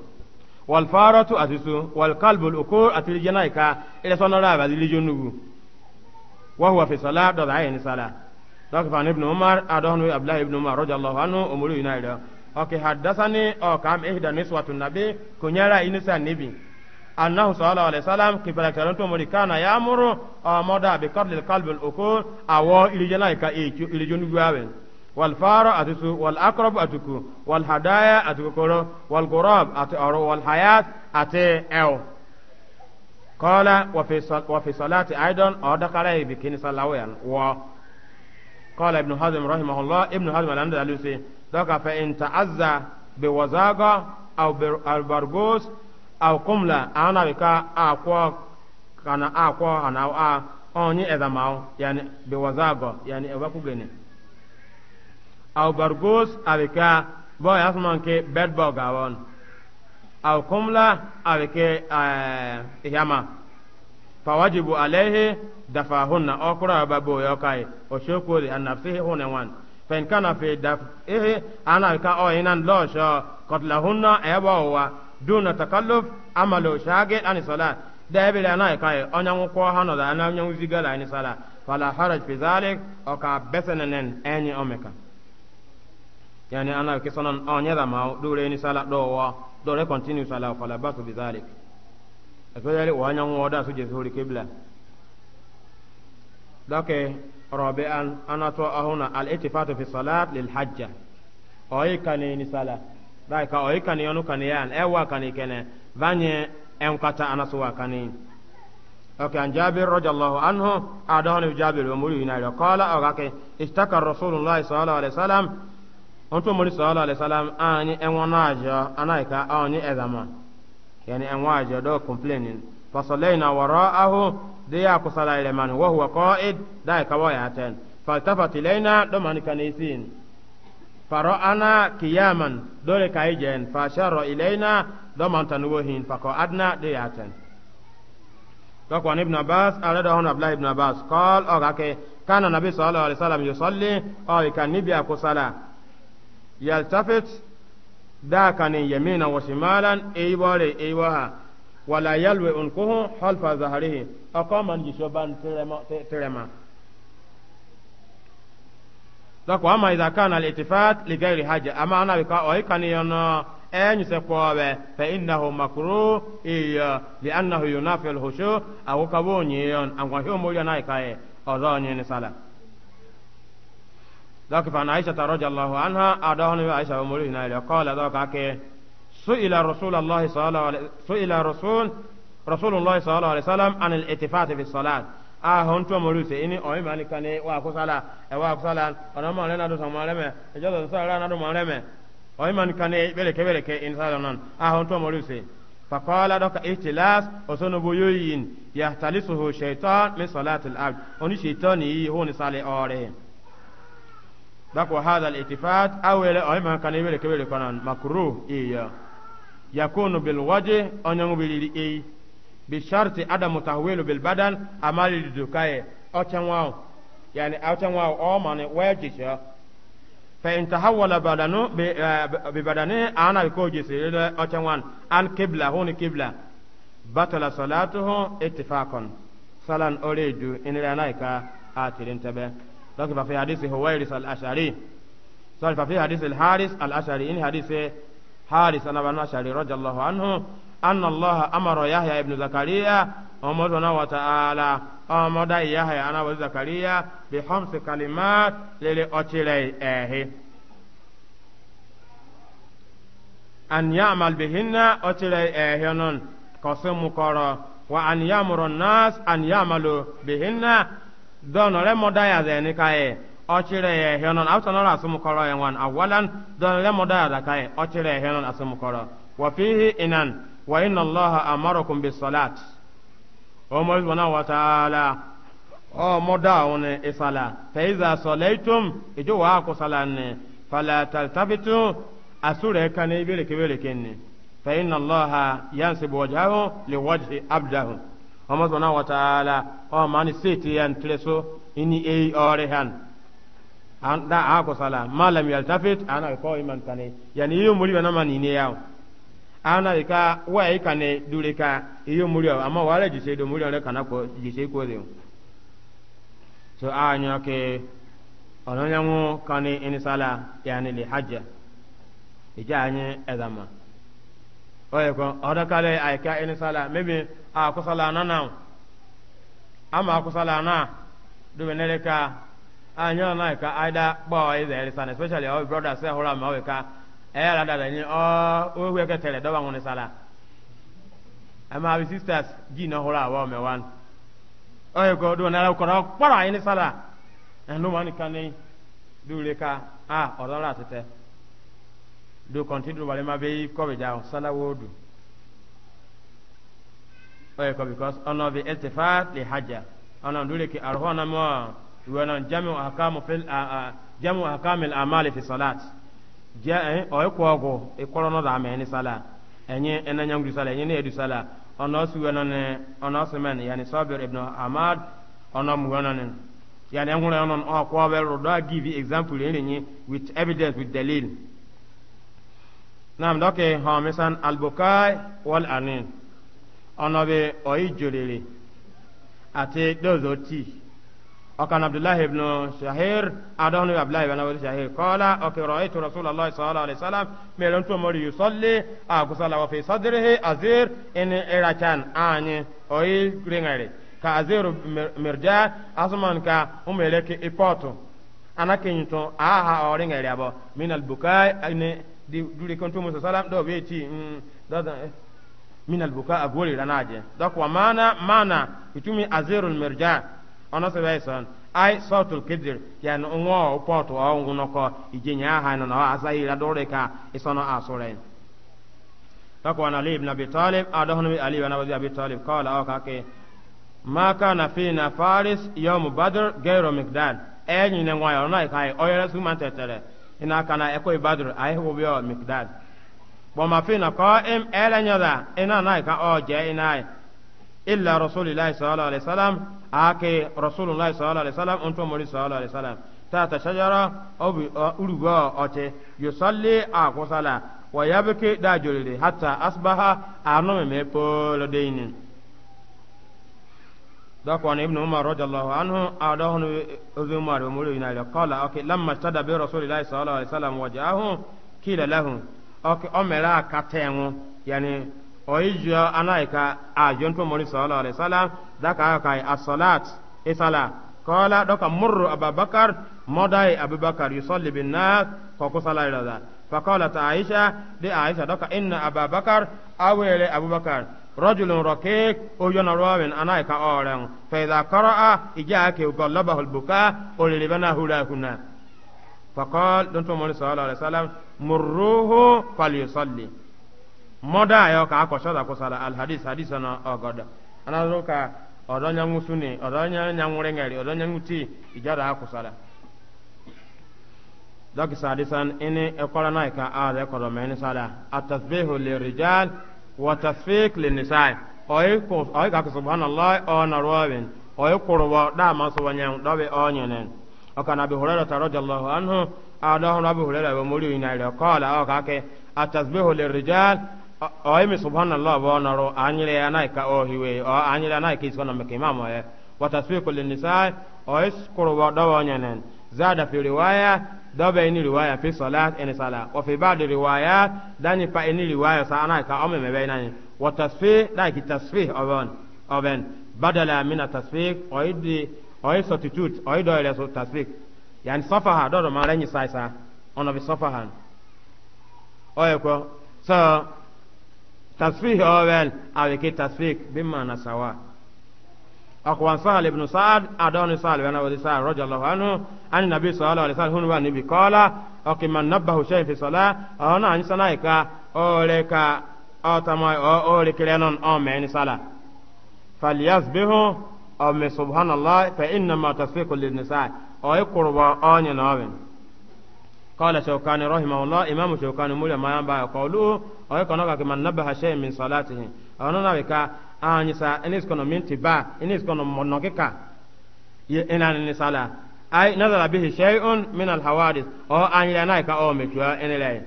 wal faratu atisu wal kalbu ukur atili jana ika ila sɔnna la ba dili jonugu wa huwa fi sala da ayi sala dɔk fan ibn umar adɔnu abdullahi ibn umar radiyallahu anhu umuru yina ida ɔke hadasani ɔkam ihda niswatu nabi kunyara inisa nibi annahu sallallahu alaihi wasallam kibara karon to mori kana ya muru amoda bi qabl al qalb al ukur awo ilijana ika awen والفار أتسو والأقرب أتكو والهدايا أتكو والغراب أتأرو والحياة أتأو قال وفي صل... وفي صلاة أيضا أدخل عليه بكين صلاويا و قال ابن حزم رحمه الله ابن حزم الأندلسي ذاك فإن تعزى بوزاقة أو بالبرغوس أو قملة أنا بك أقوى كان أقوى أنا أو أني إذا ما يعني بوزاقة يعني أبكو جنيه aw bargos abe ka bo ya suman ke bed bog awon aw kumla abe ke yama eh, fawajibu alaihi dafahunna okura ba bo yo kai o shoko li an nafsihi hunan wan fa in kana fi daf'ihi ana ka o inan lo sho qatlahunna aybawa e duna takalluf amalu shagid an salat da yabi da kai onyan ko hano da anan yan zigala ni sala fala haraj fi zalik o ka besanan enyi omeka yani ana ke sanan onyada ma dure ni sala dowa dore continue sala fala basu bizalik especially wanya ngoda su je suri kibla dake rabi'an ana to ahuna al ittifatu fi salat lil hajja oyi kane ni sala dai ka oyi kane yonu kane yan ewa kane kene vanye enkata ana suwa kane Okay, an Jabir radiyallahu anhu, adahani Jabir wa muri yunayla, qala agake, ishtaka Rasulullah sallallahu alaihi wasallam, onto mori sallallahu alaihi wasallam ani enwona ajo anaika ani edama yani enwa ajo do complaining fasalaina wara'ahu de ya kusala ile man wa huwa qa'id da ka wa ya ten faltafat ilaina do man kanisin faro ana kiyaman dole kai jen fa sharo ilaina do man tanwo hin fa ko adna de ya ten dok wan ibn abbas ala da hon abdullah ibn abbas qal o kana nabi sallallahu alaihi wasallam yusalli o kan nibi akusala yaltafit da kani yamina wa shimalan eibore eibaha wala yalwe unkuhu halfa zaharihi akaman jishoban terema, terema. dɔk wa ma idha kana alitifat ligairi haja ama ana bika oi kaniyɔnɔ ɛɛnyu sɛ kɔɔbɛ fa innahu makruh iya liannahu yunafi alhushu awo kaboo nyiyɔn angwa hiomoriyɔn ayi kaye ɔzɔɔ nyini sala ذاك فان عائشة رضي الله عنها أدهن عائشة أموره نايل قال ذاك سئل رسول الله صلى الله عليه سئل رسول رسول الله صلى الله عليه وسلم عن الالتفات في الصلاة أهون tó mọ̀lú سئني ní ọ̀yìn bá واقو ní واقو kúsàlà أنا ما لنا دو lẹ́nà tó sọ̀mọ̀ lẹ́mẹ̀ ìjọba tó ما náà tó mọ̀ lẹ́mẹ̀ بلك بلك إن ní نان أهون ìnsàlọ̀ náà ahon فقال دك اختلاس وسنو بيوين يحتلسه شيطان من صلاة العبد وني شيطان يهون صالح أوره dako hada al-itifat aw ila ay man kan ibere kebere konan makruh iya yakunu bil waji onyangu bil e bi sharti adamu tahwilu bil amali dukaye ochanwao yani ochanwao o mane wajisha fa in tahawwala badanu bi, uh, ana ko jisi ila ochanwan an qibla huni qibla batala salatuhu ittifaqan salan oredu in ranaika لكن ففي حديث هويرس الأشعري سوري ففي حديث الحارس الأشعري إن حديث حارس أنا بن أشعري رضي الله عنه أن الله أمر يحيى ابن زكريا أمرنا وتعالى أمر يحيى أنا زكريا بخمس كلمات للأتلي إيه أن يعمل بهن أتلي إيه قسم قرى وأن يأمر الناس أن يعملوا بهن don re moda ya ze ni kai o chire ye he non awta no asum koro ye wan awalan don re moda ya kai o chire he non asum koro wa fihi inan wa inna allaha amarakum bis salat o mo wa ta'ala o moda on isala fa iza salaitum ijo wa ko salanne fala taltabitu asure kan ibere kebere kenne fa inna allaha yansibu wajhahu liwajhi abdahu ọmọ sọ̀nà wọ̀tàlá ọmọ ní sèétì yẹn tẹ̀lẹ́sọ ní eyi ọ̀rẹ́ hàn da akọsala malam yaltafit ana ko iman kane yani iyo muri wana mani ne yawo ana ka wa yi kane dure ka iyo muri amma wala jise do muri ona kana ko jise ko de so anya ke ononya mu kane insala yani li hajja ija anye edama oye ko oda kale ay ah, ka en ah, sala mebe a ko sala na na ama ko sala na do be nere ka anya na ka aida ba o ide eri sana especially our oh, brother say hora ma we ka e ala da ni o oh, o we ka tele do ba ngone sala ama our sisters gi na hora wa me wan oye ko do na ko ra kpara en sala en eh, no man kan ni do le ka ah, a odara tete do continue wale ma be kobe jaw sala wodu oye oh, ko because ono bi iltifat li haja ono dule ki arhona mo wana jamu ahkamu fil uh, uh, jamu ahkamu al amali fi salat ja eh oye ko go e da me ni sala enye enanyam du sala enye ne du sala ono su wana ne ono su men yani sabir ibnu ahmad ono mu wana ne yani ngula ono ko be ro da give example ni with evidence with dalil nam doke homisan albukai wal anin onobe oyi jolele ati dozo ti وكان عبد الله بن شهير أدون عبد الله بن أبي شهير قال أوكي رأيت رسول الله صلى الله عليه وسلم ميلون تومر يصلي أكو صلى وفي صدره أزير إن إراتان آني أوي رينغري كأزير مرجع أسمان كا أملك إبوتو أنا كنتو آها أورينغري أبو من البكاء إن di dure kan tumu sallam do be ti mm da da eh, min al buka agore ranaje da kwa mana mana itumi azirul mirja ona se wayson ai sautul kidir ya no ngo poto wa ngu no ko ijenya ha no na asai ra dore ka isono asore da kwa ali ibn abi talib adahnu ali ibn abi talib qala aw kake ma kana fina faris yawm badr gairu miqdad enyi ne ngwa ona kai oyere su man tetere ina kana eko ibadur ayi e ho biyo mikdad bo ma fi na ko im ele nyoda ina na ka o je ina illa rasulillahi sallallahu alaihi wasallam ake rasulullahi sallallahu alaihi wasallam unto muri sallallahu alaihi wasallam ta ta shajara obi urugo ote yusalli akusala wa yabki da jolide hatta asbaha anome me polo deinin دكوان ابن عمر رضي الله عنه أعلاه ابن عمر ومولي ينال قال أوكي لما اشتد برسول الله صلى الله عليه وسلم وجهه قيل له أوكي أمرا كتيم يعني أيجو أنايكا أجنت مولي صلى الله عليه وسلم ذاك أوكي الصلاة إصلاة قال دوك مر أبا بكر مضاي أبو بكر يصلي بالناس فوق صلاة فقالت عائشة لعائشة دوك إن أبا بكر أولي أبو بكر rajulun rakik oyona rawin anai ka oren fa idha qara'a ijake ugallabahu albuka olilibana hula kuna faqal don to mori sallallahu alaihi wasallam murruhu falyusalli moda ayo ka ko shoda ko sala al hadith hadith na ogoda anaro ka odonya ngusuni odonya nyangure ngari odonya nguti ijada ko sala doki sadisan ini ekola naika a rekoro meni sala at lirijal watasfik linisai oyi ka subhanallah ona ruwabin oyi kurwa dama su wanyan dobe onyanen oka na bi hurera ta radiyallahu anhu adahun abi hurera wa muri ina ira qala o ka ke atasbihu lirijal oyi mi subhanallah wa ona ru anyire anai ka ohiwe o anyire anai ki sona me kimamo e watasfik linisai oyi kurwa dobe onyanen zada fi riwaya dɔbɛ ini riwaya fi salat ini sala wa fi ba'di riwaya dani pa ini riwaya sa ana ka ɔmɛ mɛbɛ nani wa tasfi da ki tasfi ɔbɛn ɔbɛn badala mina tasfi ɔyi di ɔyi substitute ɔyi dɔ yɛrɛ so tasfi yani safaha dɔ dɔ ma rɛ nyi sa sa ɔnɔ bi safaha ɔyɛ kɔ so tasfi ɔbɛn a bɛ ki tasfi bi ma na sawa. أخوان سهل بن سعد أدوني سهل بن أبو سعد رضي الله عنه أن النبي صلى الله عليه وسلم هو النبي قال أكي من نبه شيء في صلاة أنا أني سنائك أوليك أتماي أوليك لنن أمين صلاة فليسبه أمي سبحان الله فإنما تصفيق للنساء أي قربة أني نامن قال شوكاني رحمه الله إمام شوكاني مولي ما ينبع قوله أي كنوكا كمن نبه شيء من صلاته أنا نبه anyi sa enes minti ba enes kono monokeka ye ina ni sala ay nazara bihi shay'un min al hawadith o anyi la naika o metua enelai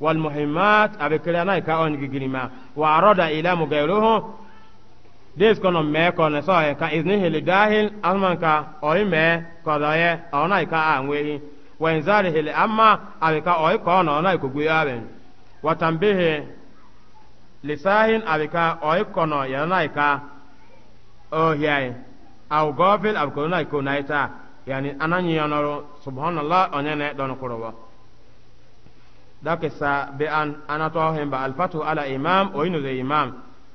wal muhimmat abekira naika on gigirima wa arada ila mugairuhu des kono me kono so e ka izni hili dahil alman ka oyi me kodo ye o naika anwehi wa inzari hili amma abeka oyi kono naiko guyaben watambihi lisahin abika oyi kono yana ika ohiyai au gofil abiko na iko na ita yani ananyi yanaru subhanallah onye na don kurowa dakisa bi an anato himba alfatu ala imam oyinu ze imam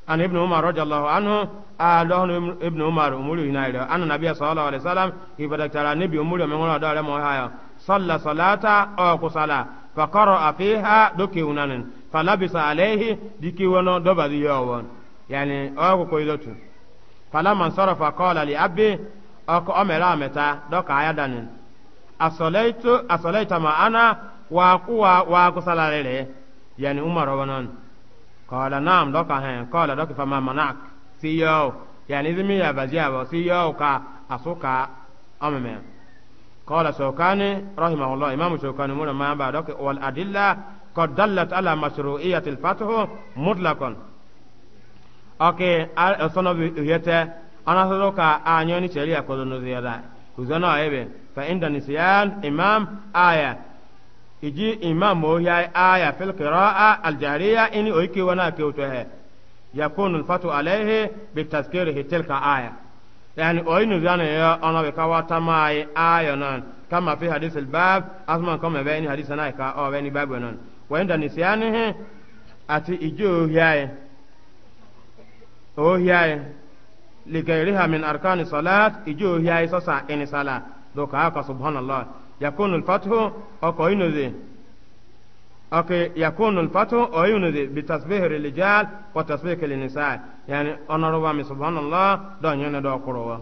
an ibn umar radiyallahu anhu alohun ibn umar umuru hinaire an nabiya sallallahu alaihi wasallam ibadaktara nabi umuru mengona dole mo haya salla salata o kusala fa qara fiha dukiunanin falabisa alayhi diki wono dobadi yowon yani ogo ko ilotu falama sarafa qala li abi ako omera meta doka ayadanin asolaitu asolaita ma ana wa kuwa wa kusalalele yani umar wonon qala nam doka hen qala doki fama manak siyo yani izimi ya baziabo siyo ka asuka omeme قال شوكاني رحمه الله إمام شوكاني ba ما بعدك والأدلة قد دلت على مشروعية الفتح مطلقا أوكي أصنع يتا أنا سألوكا أنيوني شريعة كذنو زيادة كذنو أيبي فإن نسيان إمام آية إجي إمام موهي آية في القراءة الجارية إني أوكي وانا كيوتوها يكون الفتح عليه بتذكيره تلك آية يعني oyinu نزيان ya أنا be kawa tamai ayo nan kama fi hadith al-bab asman kama be ni hadith na ka o wẹ́ndà ní sìánì hẹ́ àti ìjọ òhìáyé òhìáyé lìgẹ̀rì hàmìn arkani sọláàt ìjọ òhìáyé sọ́sà ẹni sálà dọ̀kà ákà subhanallah yakunu fatihu ọkọ̀ inuzi ọkọ̀ yakunu fatihu ọ̀ inuzi bi tasbihi rilijal wa tasbihi kilinisa yani ọ̀nàrọ̀wá mi subhanallah dọ̀nyẹ́ni dọ̀kùrọ̀wọ́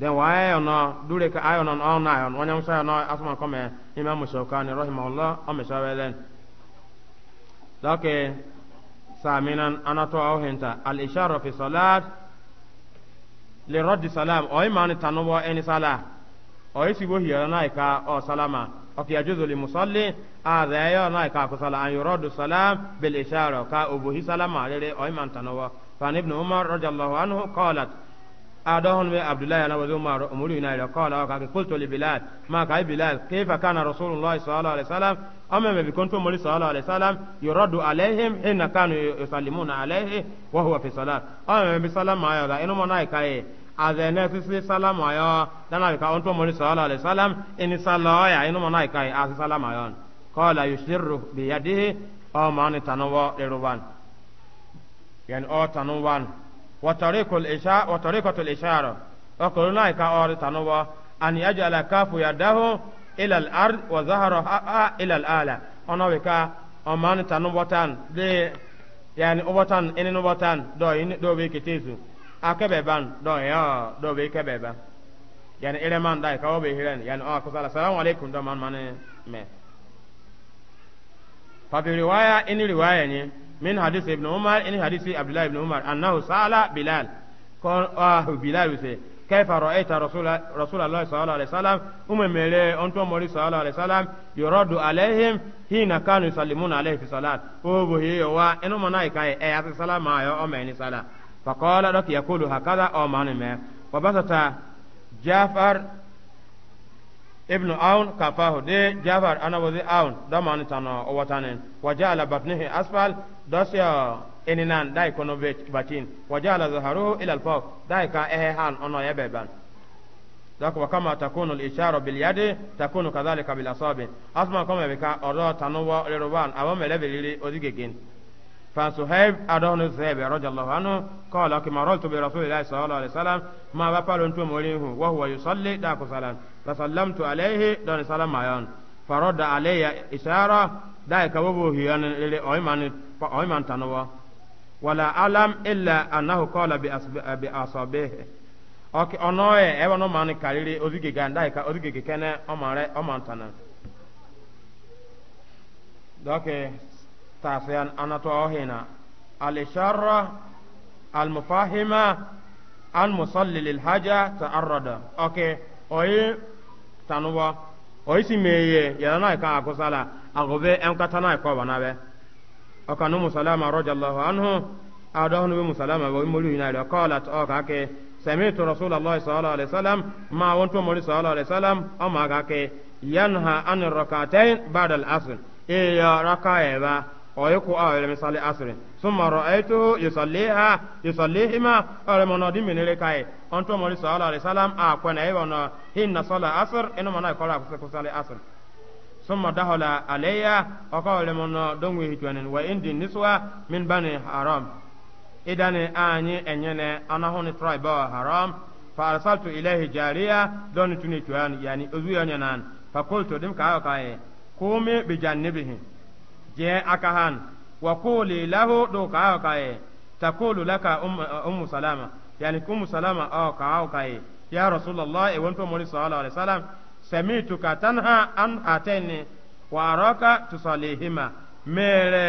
den waaye ọ̀nà dúró ka ayọ̀nà ona ayọ̀nà wọ́n yẹn sọ ayọ̀nà asọ́mọ̀kọ́mẹ́ imam shawkani rahimahullah ame shawelen lake saminan anato aw henta al ishara fi salat li raddi salam o imani tanobo eni sala o isibo hiyo na ka o salama o fi ajuzu li musalli adhayo na ka ko sala an yuradu salam bil ishara ka ubuhi salama rere o imani tanobo fa ibn umar radiyallahu anhu qalat adahun min abdullahi ana wazo ma umuru ina ila qala ka qultu li bilal ma ka bilal kayfa kana rasulullah sallallahu alaihi wasallam amma ma bikuntu muri sallallahu alaihi wasallam yuraddu alaihim hina kanu yusallimuna alaihi wa huwa fi salat amma bi salam ma ya inu mona kai azene sisi salam ayo dana ka onto muri sallallahu alaihi wasallam in sallallahu ya inu mona kai as salam ayo qala yusirru bi yadihi o mani tanawa liruban yani o tanawan watarikatu lishara ọkùnrin náà ka ọrẹ tanuwa àni ẹjọ alakafu yadahu ilal ard wa zahara ha ilal ala ọ̀nà wíkà ọ̀mánì tanubọ̀tán lé yàni ọbọ̀tán ẹninubọ̀tán dọ̀ bí kìtìsù akẹ́bẹ̀bán dọ̀ yọ̀ dọ̀ bí kẹ́bẹ̀bán yàni ẹrẹ́mán dáì káwọ́ bí hìrẹ́n yàni ọ̀ kọ́sálà sàlámù aleykum dọ̀ mọ́ni mẹ́. pàfi riwaya ẹni riwaya yẹn min hadis ibn umar in hadisi abdullah ibn umar annahu sala bilal kon ah bilal se kaifa ra'aita rasula rasulullah sallallahu alaihi wasallam umma mele onto mori sallallahu alaihi wasallam yuradu alaihim hina kanu yusallimuna alaihi fi salat o bo hiyo wa eno manaika e ya salama ayo o meni sala faqala dak yaqulu hakadha o manu me wa basata jafar ibn aun kafahu de jafar anawazi aun da manu tano o watanen وجعل بطنه أسفل دوسيا إنينان داي كونو باتين وجعل ظهره إلى الفوق داي كا هان أنو يبيبان ذاك وكما تكون الإشارة باليد تكون كذلك بالأصابع أسمع كما بكا أرى تنوى لربان أو ملبلي أذيجين فسهيب أدون سهيب رضي الله عنه قال كما رلت برسول الله صلى الله عليه وسلم ما بقال أنتم وليه وهو يصلي داك سلام فسلمت عليه دون سلام عيان فرد علي إشارة dai ka bobo hiyana lele oyman oyman tanawa wala alam illa annahu qala bi asbi asabihi ok onoye ewa no mani kariri ozige ga dai ka ozige kene omare omantana doke tafiyan anato ohina al-isharra al an musalli lil haja ta'arrada okay oyi tanuwa oisi meye yalana ka akusala ah, agobe ah, en katana ko banabe aka numu salama radiyallahu anhu adahu numu salama wa imuli ina qalat aka oh, ke sami'tu rasulullah sallallahu alaihi wasallam ma wantu muri sallallahu alaihi wasallam amma oh, aka ke yanha an rak'atayn ba'da al-asr e eh, ya raka'a oyeko awere misali asiri summa ra'aytuhu yusalliha uh, yusallihima awere uh, mono di minire kai onto mori sallallahu alaihi wasallam a kwana yi wono hinna sala asr ino mana kola kusa kusali asr summa dahala alayya oko awere mono dongwe hitwanin wa indi niswa min ni haram idani anyi enyene anahuni tribe uh, haram fa arsaltu ilayhi jariya doni tuni tuani yani uzu yanyanan fa qultu dim ka kai eh, kumi bijannibihi je akahan wa quli lahu do ka ka e taqulu laka um, uh, ummu salama yani ummu salama o ka ka e ya rasulullah e wonto mo sallallahu alaihi wasallam samituka tanha an ateni wa araka tusalihima mere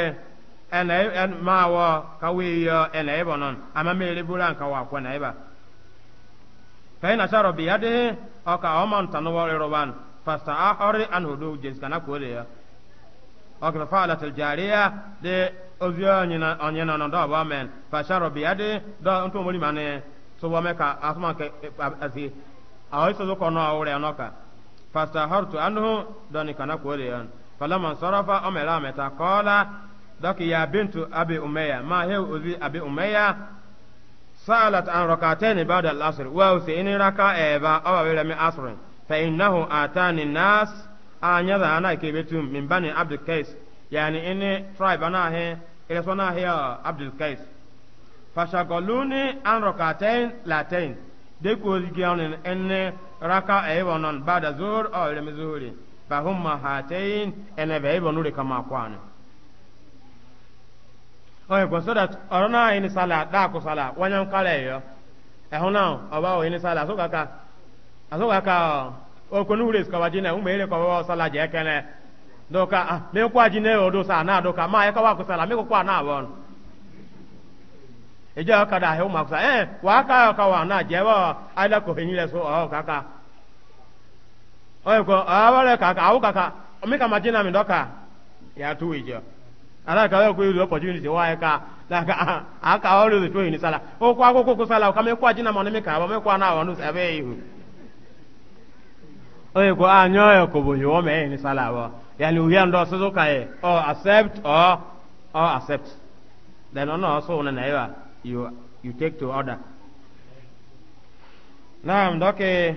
ene en mawo kawiyo ene ibonon ama mere buran ka wa kwa na iba faina sharo biyadihi o ka o man tanwo roban fasta ahori an hudu jinskana kore ya أكل فعلت الجارية دي أزيو أنينا ندا وامن فشارو بيادي دا أنتو مولي ماني سوى مكا أسمان كي أزي أوي سوزو كونو أولي أنوكا فاستهرت أنه دوني كان كوليان فلما صرف أملا متا قال دوك يا بنت أبي أمية ما هي أزي أبي أمية سألت عن ركعتين بعد العصر وأوسي إني ركع إيبا أو بلمي عصر فإنه آتاني الناس anya da ana ke betum min bani abdul qais yani ini tribe ana he ile so na he uh, abdul qais fashagoluni an rakatain latain de ko giyanin enne raka e wonon bada zuhur o oh, ile mizuhuri fa humma hatain ene be wonure kama kwana oye ko so that orona ini sala da ko sala wanyan kale yo ehuna oba o ini sala so kaka aso kaka oh. okonu res kawa jina umere kwa wao sala je kene doka ah me kwa jina odo sa doka ma e kawa kusala me kwa na won eja kada he uma kusa eh wa ka ka wa na je wa ala ko hinile so o kaka oyo ko awale kaka awu kaka me kama jina mi doka ya tu ijo ala ka yo ko yu opportunity wa ka da ah, ka aka awole to yin sala o kwa ko ko sala ka me kwa jina mo ne me ka ba me kwa na won so ebe ihu oye ko a nyoyo ko bo yo me ni sala wa yani u yando so so kai o accept or or accept then ono also na na ya you you take to order naam doke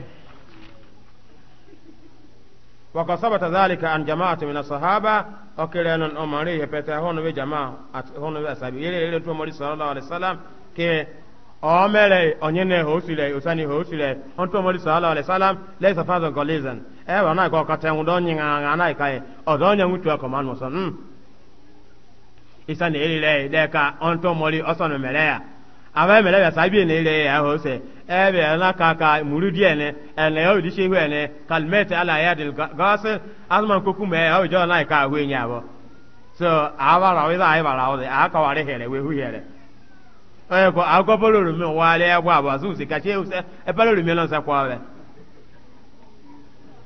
وقد ثبت ذلك عن جماعة من الصحابة أكل أن أمري يبتهون بجماعة هون بأسابيع إلى إلى تومري صلى الله عليه وسلم كي mere onyene hosile usani hosile onto mori sala ala salam laysa fadhan qalizan e nyinga nga na kai odo nya ngutu ko man moson mm isani ile ka hose na ka ka murudi ene ene o di shehu ene kalmete ala yadil gas azman koku o ka so awara we onye ko akọ poloro mi alị ya gwa abazu si kache use e poloro mi lan sa kwa we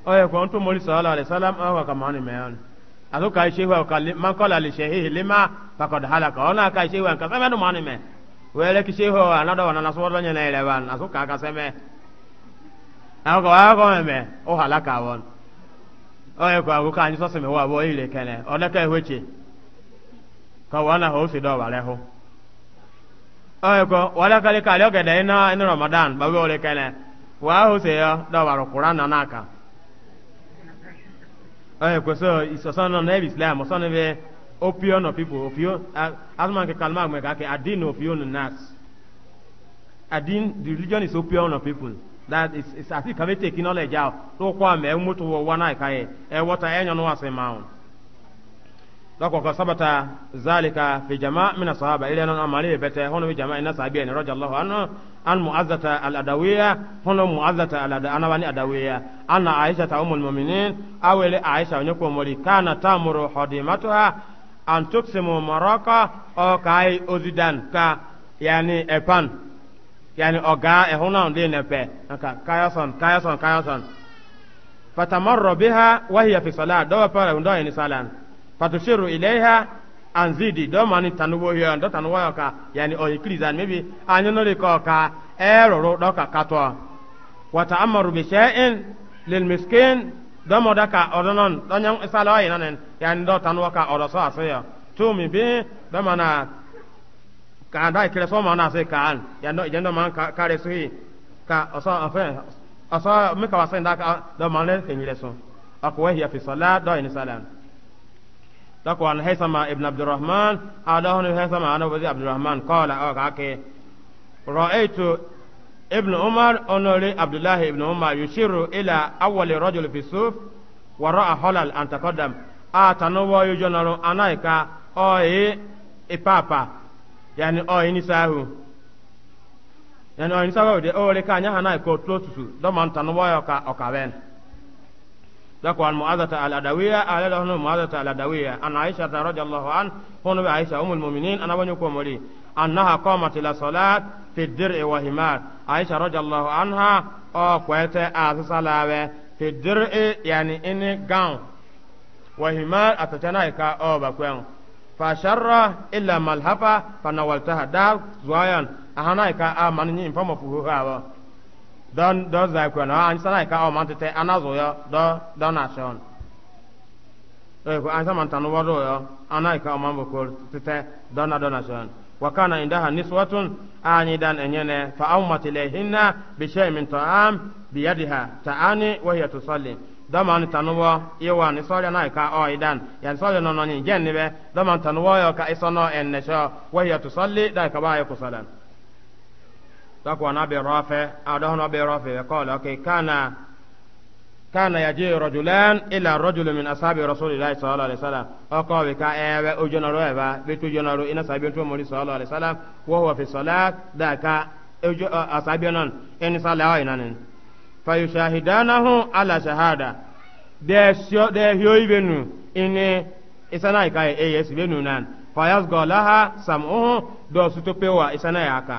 onye ko ntu mori sallallahu alaihi wasallam awa kama na meyon azu kai shehu ka lima ka na ka ka seme anyị ako me o halaka won onye ko agu ka anyi so seme wa bo ile kene ona kai weche ka oyoko wala kale kale oge da ina ina ramadan ba we ole kene wa ho se yo da waro qur'an na aka oyoko so iso so no na islam so ne be opio no people opio asman ah, ke kalma me ka ke adin opio no nas adin the religion is opio no people that is is as if have taken knowledge out to kwa me mutu wo wana ka e water enyo no asema on dako ka sabata zalika fi jama' min sahaba ile non amali bete hono bi jama' ina sahabiya ni radiyallahu anhu an mu'azzata al adawiya hono mu'azzata al ana wani adawiya anna aisha ta ummul mu'minin awele aisha nyoko mori kana tamuru hadimatuha an tuksimu maraka o kai ozidan ka yani epan yani oga e hono ndi nepe ka kayason kayason kayason fatamarra biha wa hiya fi salat dawa pare ndo ni salan fatushiru ilaiha anzidi do mani tanuwo hiyo do tanuwo yoka yani o ikriza maybe anyo no liko ka eroro do ka kato wa ta'ammaru bi shay'in lil miskin do moda ka odonon do nyang isalo ayi nanen yani do tanuwo ka oroso asoyo tumi bi do mana ka da ikre so mana se ka an ya no jendo man ka kare suhi ka oso afen oso mika wasen da ka do mane enyire so akwa hiya fi salat do ini salam تقوى عن هيثم ابن عبد الرحمن أعلاه هيثم عن أبو عبد الرحمن قال أوكاكي رأيت ابن عمر أنوري عبد الله ابن عمر يشير إلى أول رجل في السوف ورأى حلال أن تقدم أتنوى يجنر أنايكا أي إبابا يعني أي نساه يعني أي نساه أولي كان يهانا يكو تلوتسو دمان تنوى يكا أكاوين ذاك المؤاذة على الأدوية على له المؤاذة على الأدوية أن عائشة رضي الله عنه هو نبي عائشة أم المؤمنين أنا بني كومري أنها قامت إلى صلاة في الدرء وهمار عائشة رضي الله عنها أو كويت أعز صلاة في الدرء يعني إن قام وهمار أتتنا إكا أو بكوين فشر إلا ملحفة فنولتها دال زوايا أهنا إكا آمنين فما فوهوها don don zai kwa na an sana ka o mantete anazo yo do don nation e ko an sama tanu wado yo anai ka o mambo ko tete don don nation wa kana indaha niswatun ani dan enyene fa ummat ilayhinna bi shay min ta'am bi yadiha ta'ani wa hiya tusalli dama ni tanuwa iwa ni sɔlɔ na ka ɔ idan yan sɔlɔ nɔnɔ ni jɛn ni bɛ dama tanuwa yɔ ka isɔnɔ ɛn nɛsɛ wa hiya tusalli da ka ba yɛ kusalan تقوى نبي رافع أدوه نبي رافع يقول أوكي كان كان يجي رجلان إلى رجل من أصحاب رسول الله صلى الله عليه وسلم أقوى بك أيوة أجنرو أيوة بيتو جنرو إن صحابين تومولي صلى الله عليه وسلم وهو في صلاة ذاك أصحابين إن صلاة إنان فيشاهدانه على شهادة ده هيو يبنو إن إسانا يكاي إيس بنو نان فيزغو لها سمعه دو ستوبيوا إسانا يكاي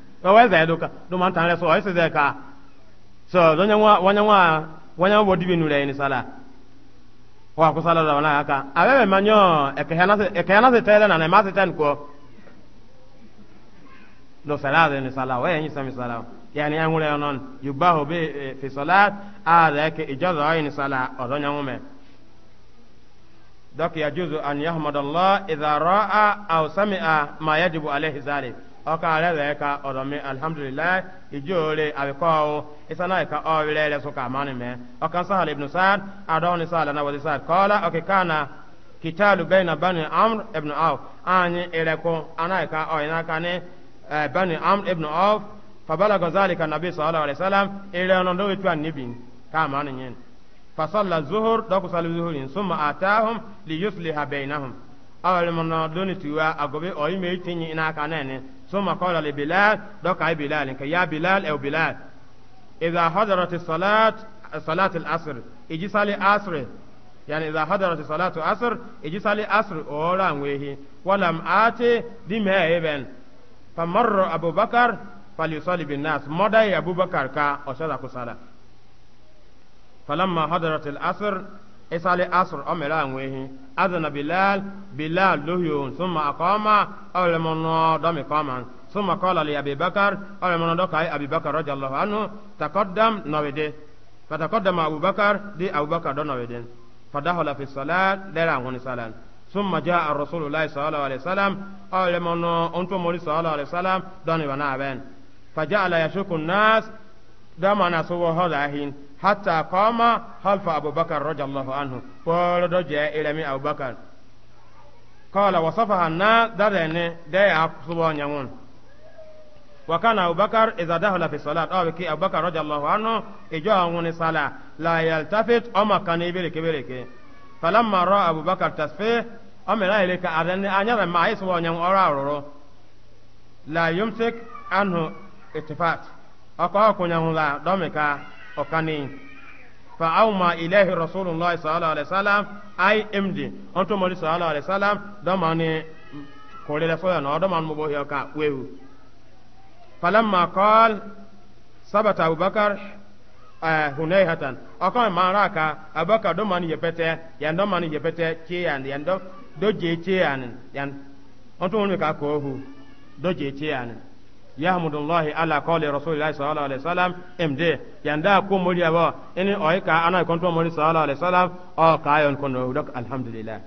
wa wa zai doka do man tan so ai zai ka so do nyangwa wanyangwa wanyangwa bodi binu le ni sala wa ku sala da wala aka awe manyo e ke hana e ke hana se tele na na ma se ko do sala de ni sala wa yin sami sala yani an wure non yubahu bi fi salat ala ke ijaza ayin sala o do nyangwa me dok yajuzu an yahmadallah idha ra'a aw sami'a ma yajibu alayhi zalik ọka alẹ́lẹ́ ka ọ̀dọ̀mi alhamdulilayi ijoore abikọ́wò isana ika ọ̀wilẹ̀ lẹ́sọ ka mani mẹ́ ọka sahal ibn saad adọ́ni saad ana wadi saad kọ́la ọkì kana kitalu bẹ́ẹ̀na bani amr ibn auf anyi ilẹ̀kùn ana ika ọ̀yìnà kani eh, bani amr ibn auf fabala gọzali ka nabi sallallahu alayhi salam ilẹ̀ ọ̀nà lórí tuwa níbi ka mani yin fasalla zuhur dọ́kusa zuhurin summa atahum li yusliha bẹ́ẹ̀nahum. awale mona doni tiwa agobe oyi me tinyi ina ka nene summa qala li bilal doka ay bilal ka ya bilal aw bilal idha hadarat as-salat salat al-asr iji sali asr yani idha hadarat salat asr iji sali asr ora nwehi walam ate dime even famarra abubakar falyusalli bin nas modai abubakar ka osala kusala falamma hadarat al-asr اسالي isali asr omere a nwehi adana bilal bilal luhyo summa aqama olemono domi koman summa qala li abibakar olemono dokai abibakar radiyallahu anhu taqaddam nawede فتقدم أبو بكر دي أبو بكر دون ودين فدخل في الصلاة دير عن ثم جاء الرسول الله صلى الله عليه وسلم قال من أنتم مولي صلى الله عليه وسلم دون ونابين فجعل يشك الناس دام أنا سوى هذا hatta qama halfa abubakar radiyallahu anhu polo do je ilami abubakar qala wasafaha na darene de asubo nyamun wa kana abubakar idha dakhala fi salat aw ki abubakar radiyallahu anhu ijo awun sala la yaltafit ama kan ibere kebere falamma ra abubakar tasfih amela ile ka adani anyara ma ayi subo nyamun ora ororo la yumsik anhu ittifat akwa kunyahula domika Okanin. fa'auma ilahi rasulullah sallallahu alaihi wasallam imdi onto mori sallallahu alaihi wasallam do mani kore la foya no do man mo sabata abubakar eh akon abubakar do mani yepete do mani yan do yahmudullahi ala qawli rasulillahi sallallahu alaihi wasallam md yanda ko mori aba ini oy ka ana kon to mori sallallahu alaihi wasallam o ka yon kon do alhamdulillah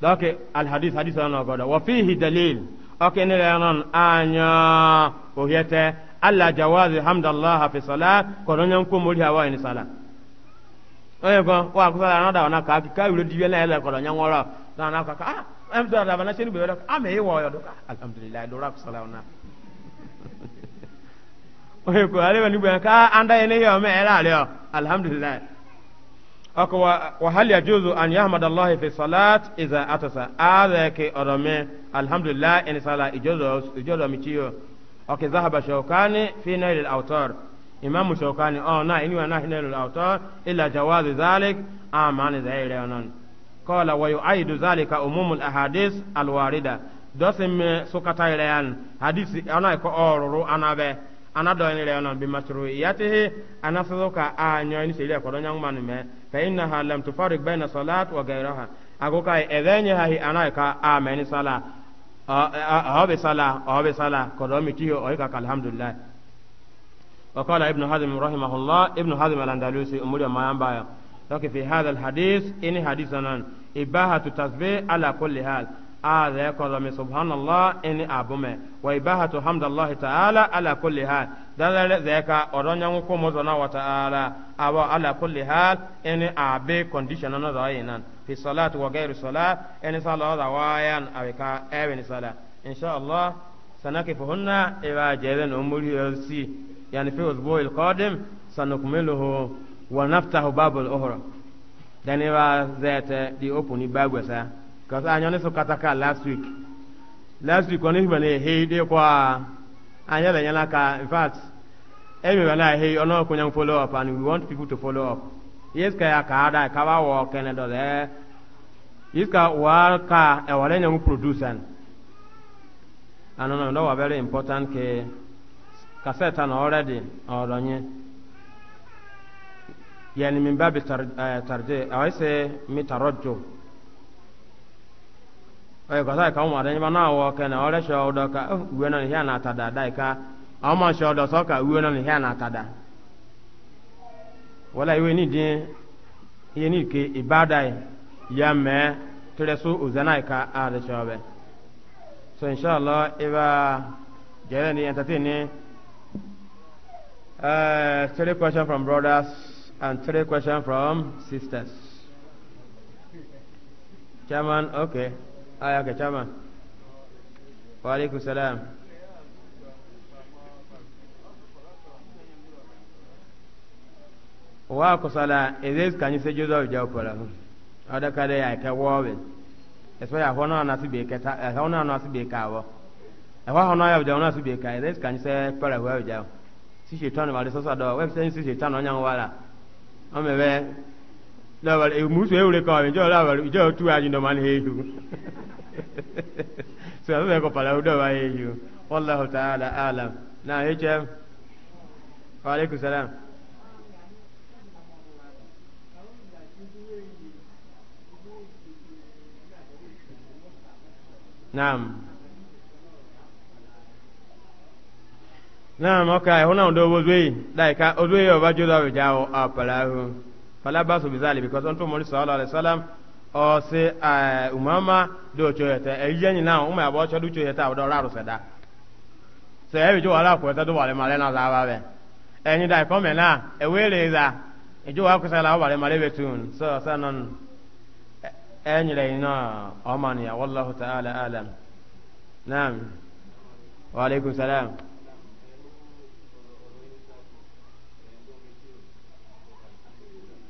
dake al hadith hadith ana goda wa fihi dalil okay ni ranan anya o yete alla jawazi hamdallahi fi salat kon nyan ko mori aba ini sala oye ko wa ko sala na da na ka ka wuro diwe na ele ko nyan wora na na ah am do da bana shin be wala am e wo yo do alhamdulillah do ra sala na o he ko ale ni be ka anda ene yo me era le alhamdulillah ako wa wa hal yajuzu an yahmad allah fi salat idha atasa ala ke orome alhamdulillah en sala ijozo ijozo mi chiyo okay zahaba shawkani fi nail al-awtar imam shawkani oh na inwa na nail al-awtar illa jawaz dhalik amani zaire onan قال ويؤيد ذلك عموم الأحاديث الواردة دوسم سكتا إليان حديث أنا يكو أورو أنا به أنا دوين إليان بمشروعيته أنا سوكا آنيوين سيلي كدون يوم من فإنها لم تفرق بين صلاة وغيرها أقوكا إذن هي أنا يكا آمين صلاة أهو صلاة أهو صلاة كدومي تيو أهيكا الحمد لله وقال ابن حزم رحمه الله ابن حزم الأندلسي أمور ما ينبغي لكن في هذا الحديث إن حديثنا ibahatu tasbih ala kulli hal aadha kɔlɔmi subhanallah ini abume wa ibahatu hamdallahi ta'ala ala kulli hal dalale zeka ɔrɔnyangu kumu zɔna wa ta'ala awɔ ala kulli hal ini abe condition na zɔ yinan fi salat wa gairu salat ini sala ɔza wayan awe ka ɛwɛ ni sala inshallah sanakifuhunna iba jɛlen umuri yosi yani fi usbu'il qadim sanukumiluhu wa naftahu babul uhra dani ba zete di open ibagwe sa because anyo ne so kataka last week last week oni bane he de kwa anyo le nyala ka in fact every bana he ono ko nyang follow up and we want people to follow up yes ka ya ka ada ka ba wo kene do le yes ka wa ka e wale nyang producer ano no no wa very important ke cassette an already or onye yani min babi tarje a wai mi tarajjo ai ko sai ka mu ba na wo kana ore sho do ka uwe na hiya na tada dai ka ama sho do so ka uwe na hiya na tada wala iwe ni din iye ni ke ibada ya me tere so uzana ka a sho be so inshallah iba jere ni entertain ni uh, three question from brothers and three questions from sisters. Chairman, okay. Ah, okay, Chairman. Wa alaikum salam. wa kusala ezes kanyi se juzo ja opara ada kare ya ka wobe eswa ya hona na sibe ka ta hona na sibe ka wo e wa hona ya ja na sibe ka ezes kanyi se para wa ja si shetan wa le sosa do we se si shetan onya wala ọmọ ẹ̀bẹ̀ lọ́wọ́lẹ̀ ìmúṣù ewúrẹ́ kan ìjọ lọ́wọ́lẹ̀ ìjọ tú àjùndọ̀ máa ń he ihu so àtúntò ẹ̀kọ́ ụdọ dọ̀ wáyé ihu wallahu ta'ala alam náà hm wa alaikum salam. naam. naam okay huna ndo wozwe dai ka ozwe yo ba jodo be jawo apalahu fala basu bizali because onto mo sallallahu alaihi wasallam o se umama do choyeta e yeni na umma abo chodu choyeta do raru sada se e jo ala ko ta do wale male na za ba be enyi dai ko me na e wele za e jo wa ko sala wale male be tun so sanan enyi e, dai na amani ya wallahu ta'ala alam naam wa alaikum salam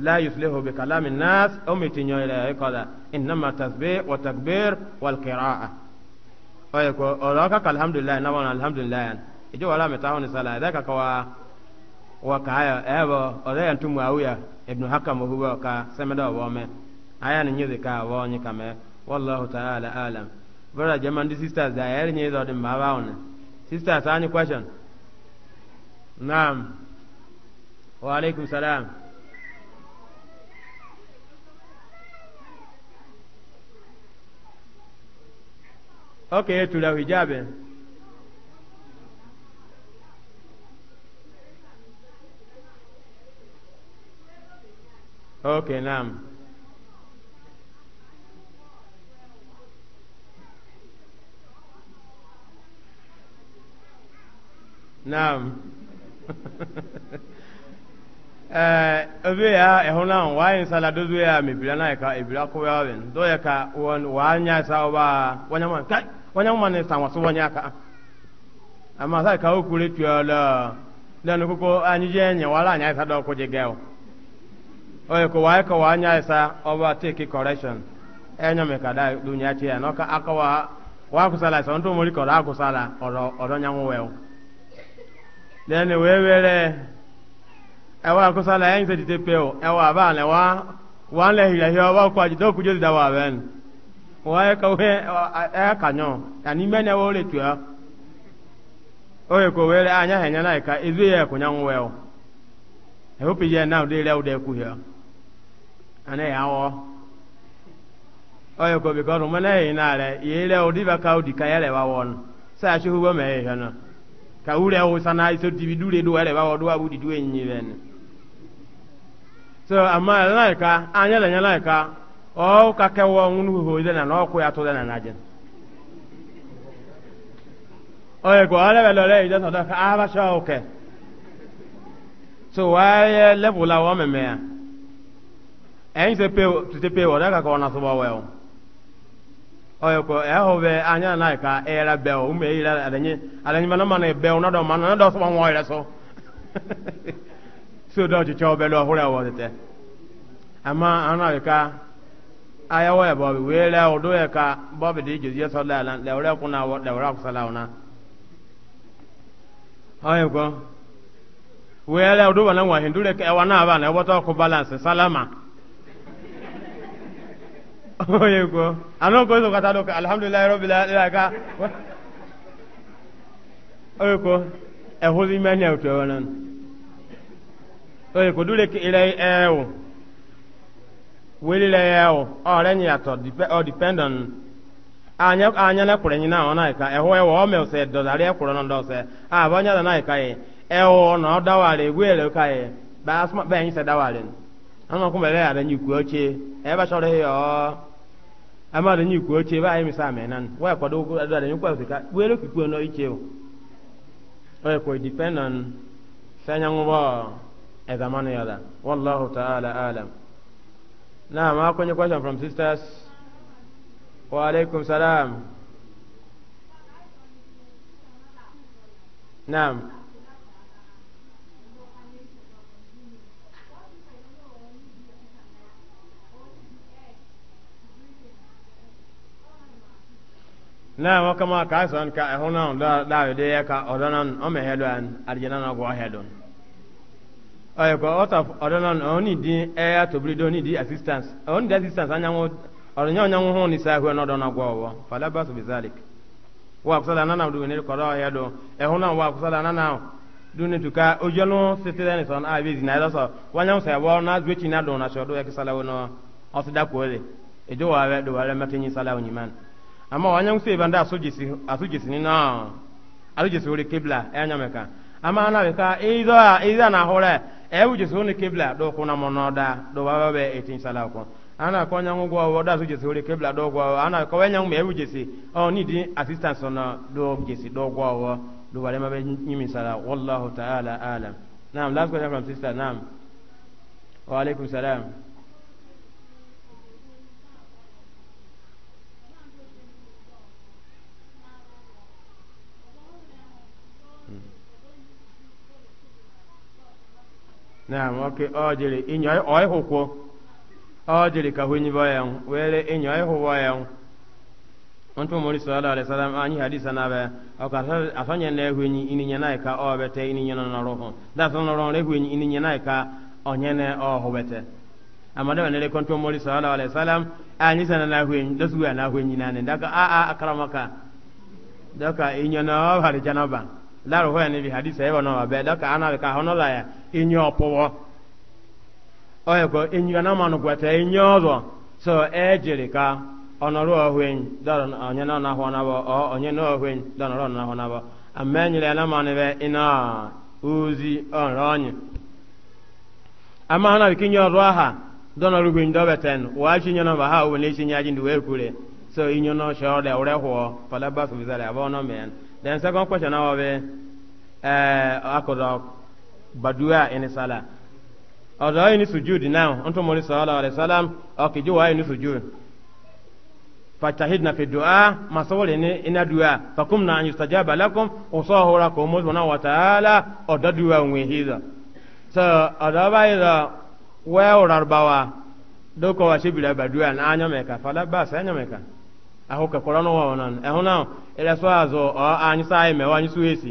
لا يفلح بكلام الناس أو متنيو إلى قال إنما تسبيح وتكبير والقراءة أيكو أولاك الحمد لله نوانا الحمد لله إجو ولا متاهون صلاة ذاك كوا وكايا أبو أولاك أنتم معاوية ابن حكم هو كا سمدا وامه هيا نيجي كا واني كامه والله تعالى أعلم Brother German, the sisters, they are in the Mavaon. Sisters, any question? Naam. Wa alaikum okay tula hijabe okay naam naam obe ya ehuna wa yin sala dozu ya mebira na ka ebira ko ya ben do ya ka won wa nya sa oba wanya man kai wanya ma ne san wasu wanya ka amma sai ka ku re tuya la dan ko ko anyi wala nya sa do ko je ga o o ko wa ko wa nya sa over take correction enya me ka da dunya ti ya no ka akawa wa ku sala sa ndo mori ko ra ku sala oro oro nya nwe o dan we were e wa ku sala en ti te pe o e wa ba wa wa le hi ya wa ku aji do ku da wa ben wọ́n ẹ̀ka wẹ́ ẹ̀ka nyọ́ àní mẹ́nẹ̀ wọ́n lè tuyà ó yẹ kó wẹ́rẹ́ anya hẹ̀nyẹ́ náà ẹ̀ka ezu yẹ ẹ̀kọ́ nyà ń wẹ́ o ẹ̀hó pè yẹ náà ọdẹ rẹ̀ ọdẹ kú yẹ ẹ̀nẹ́ yà wọ́ ó yẹ kó bìkọ́ ọdún mẹ́nẹ́ yìí náà rẹ̀ yìí rẹ̀ ọdí bá ká ọdí ká yẹ rẹ̀ wá wọ́ nù sẹ́ aṣọ́hu bọ́ mẹ́ yẹ hẹ́ nù ká wú rẹ̀ wọ́n sanna iṣẹ́ tìbí dúre dúwẹ́ rẹ̀ wá wọ́ dúwà wúdi dúwẹ́ nyi rẹ̀ nù so àmọ́ ẹ̀ náà ẹ̀ka anya lẹ̀ nyẹ́ náà ẹ̀ka o ka ke wo ngunu ho ide na no ku ya to na naje o e go ala belo le ide so da ka aba ah, sha o ke so wa ye level la wo me me ya en se pe tu te pe wo da ka ko na so ba wo o ye ko e ho be anya na e ka e ra be o me ira e adenye adenye mana mana be o na do mana na do so wo ira e so [laughs] so do ji cho be lo ho ra wo te ama ana ka aya waya bobi wela odo ya ka bobi di jiziya sallallahu alaihi wasallam kuna wa lawra salawna ayo ko wela odo bana wa hindure ka e wana na e oboto ko balance salama ayo [laughs] ko ano ko so kata do ka alhamdulillah rabbil alamin ka ayo ko e mani auto wana ayo ko ke ilai ewo e wilile ya ewu ọrịa atọ ọ anya anya na kwere na ọ na ọ na ndọsẹ a anya na na yi na ọ dawari egwu ere ka yi dawari mere ya kwuo ebe chọrọ ya ọ ama kwuo oche ebe anyị wee kwado ụkwụ adị ka were na o ekwe e, e e depend on sẹ nyanwụ Naam, how can you question from sisters? Wa alaikum salam. Naam. Naam, wa kama ka san ka ehuna da da de ka odonan o me hedon arjina na go hedon. ọyọkọ ọtọ ọdọnọn ọni di ẹyà tobiri di ọni di assistance ọni di assistance anyanwó ọdọnyẹ ọnyanwó hó ni sáà hwẹ n'ọdọ n'agwọ ọwọ falaba wọ akusala nana do ne kọdọ ọyẹ do ẹhún náà wọ akusala nana do ne tuka àbí ẹ lọsọ sọ ẹwọ náà wọ ama na ka ido a ido na hore e wuje so ni kibla do kuna monoda do baba be etin sala ko ana ko nyangu go wo da suje so ni do go ana ko wenyangu me wuje si o ni di assistance na do si do go wo do ma be nyimi sala wallahu ta'ala alam naam last question from sister naam wa alaikum salam na nwoke ọ jiri inyo ọịhụkwụ ọ jiri ka hụnyibo ya were inyo ịhụwo ya ntụ mori sallallahu alaihi wasallam anyi hadisa na be o na ehwenyi ininye na ka o bete ininye na na roho da so na roho ehwenyi ininye na ka onye na o hobete na le kontu mori sallallahu alaihi wasallam na da suwa na ehwenyi na ne daga a a akramaka daga inyo na o hari janaba la ni bi na daga ka ya inye ọpụwọ oyeko inyiga na manụ gwete inye ọzọ so ejiri ka ọnọrụ ohweny dọrọ onye nọ na ahụnabọ ọ onye na ohweny dọnọrọ na ahụnabọ amma enyere na manụ be ina ozi ọnọrọ onye amma hana bikin yi ọzọ aha dọnọrọ gweny dọbeten wa shi nye nọmba ha owen isi nye ajin wee kure so inye nọ shọ da ure hụọ falaba fi bizara abọ nọ men then second question na wọ be eh baduwa ini sala ọ̀dọ̀ ini sujud náà wọ́n tún mọ̀rí sọ́ọ́lá ọ̀rẹ́ sálám ọ̀kìjú wa ini sujud fatahid na fi du'a masawari ni ina du'a fakum na an yustajaba lakum usahura ko mo subhanahu wa ta'ala odo du'a nwe hiza so odo ba ida we urarbawa do ko washi bila badua na anya meka fala ba sa anya meka aho ka korona wa onan ehuna ila so azo anyi sai me wa suesi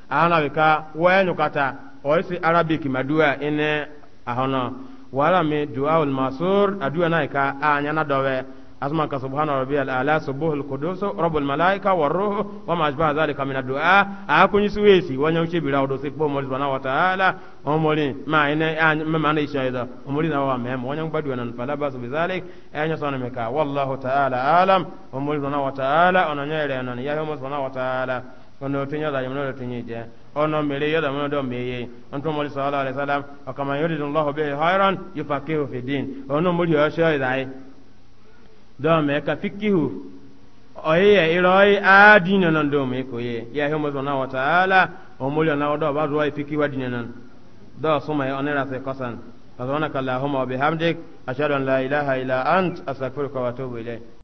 ana bika wenu kata oisi arabic madua ine ahono wala mi duaul masur adua naika anyana dowe asma ka subhana rabbiyal ala subuhul qudus rabbul malaika war ruh wa ma ashbaha zalika min addu'a akunyi suwesi wanya uche bila odo po moli subhanahu wa ta'ala omoli ma ina ma mana ishaida omoli na wa mem wanya ngbadu na fala basu bizalik anya sana meka wallahu ta'ala alam omoli subhanahu wa ta'ala onanya ile nan ya subhanahu wa ta'ala ono oh, tinya da yamno da tinya je ono mere yoda mono do meye onto moli sallallahu alaihi wasallam o kama yuridu allah bi khairan yufaqihu fi din ono oh, moli yo sho dai do me ka fikihu oye iroi adina non do me ko ye ya hemo zona wa taala o moli na do ba do fiki wa dinan do suma e onera se kosan subhanaka allahumma wa bihamdik ashhadu an la ilaha illa ant astaghfiruka wa atubu ilayk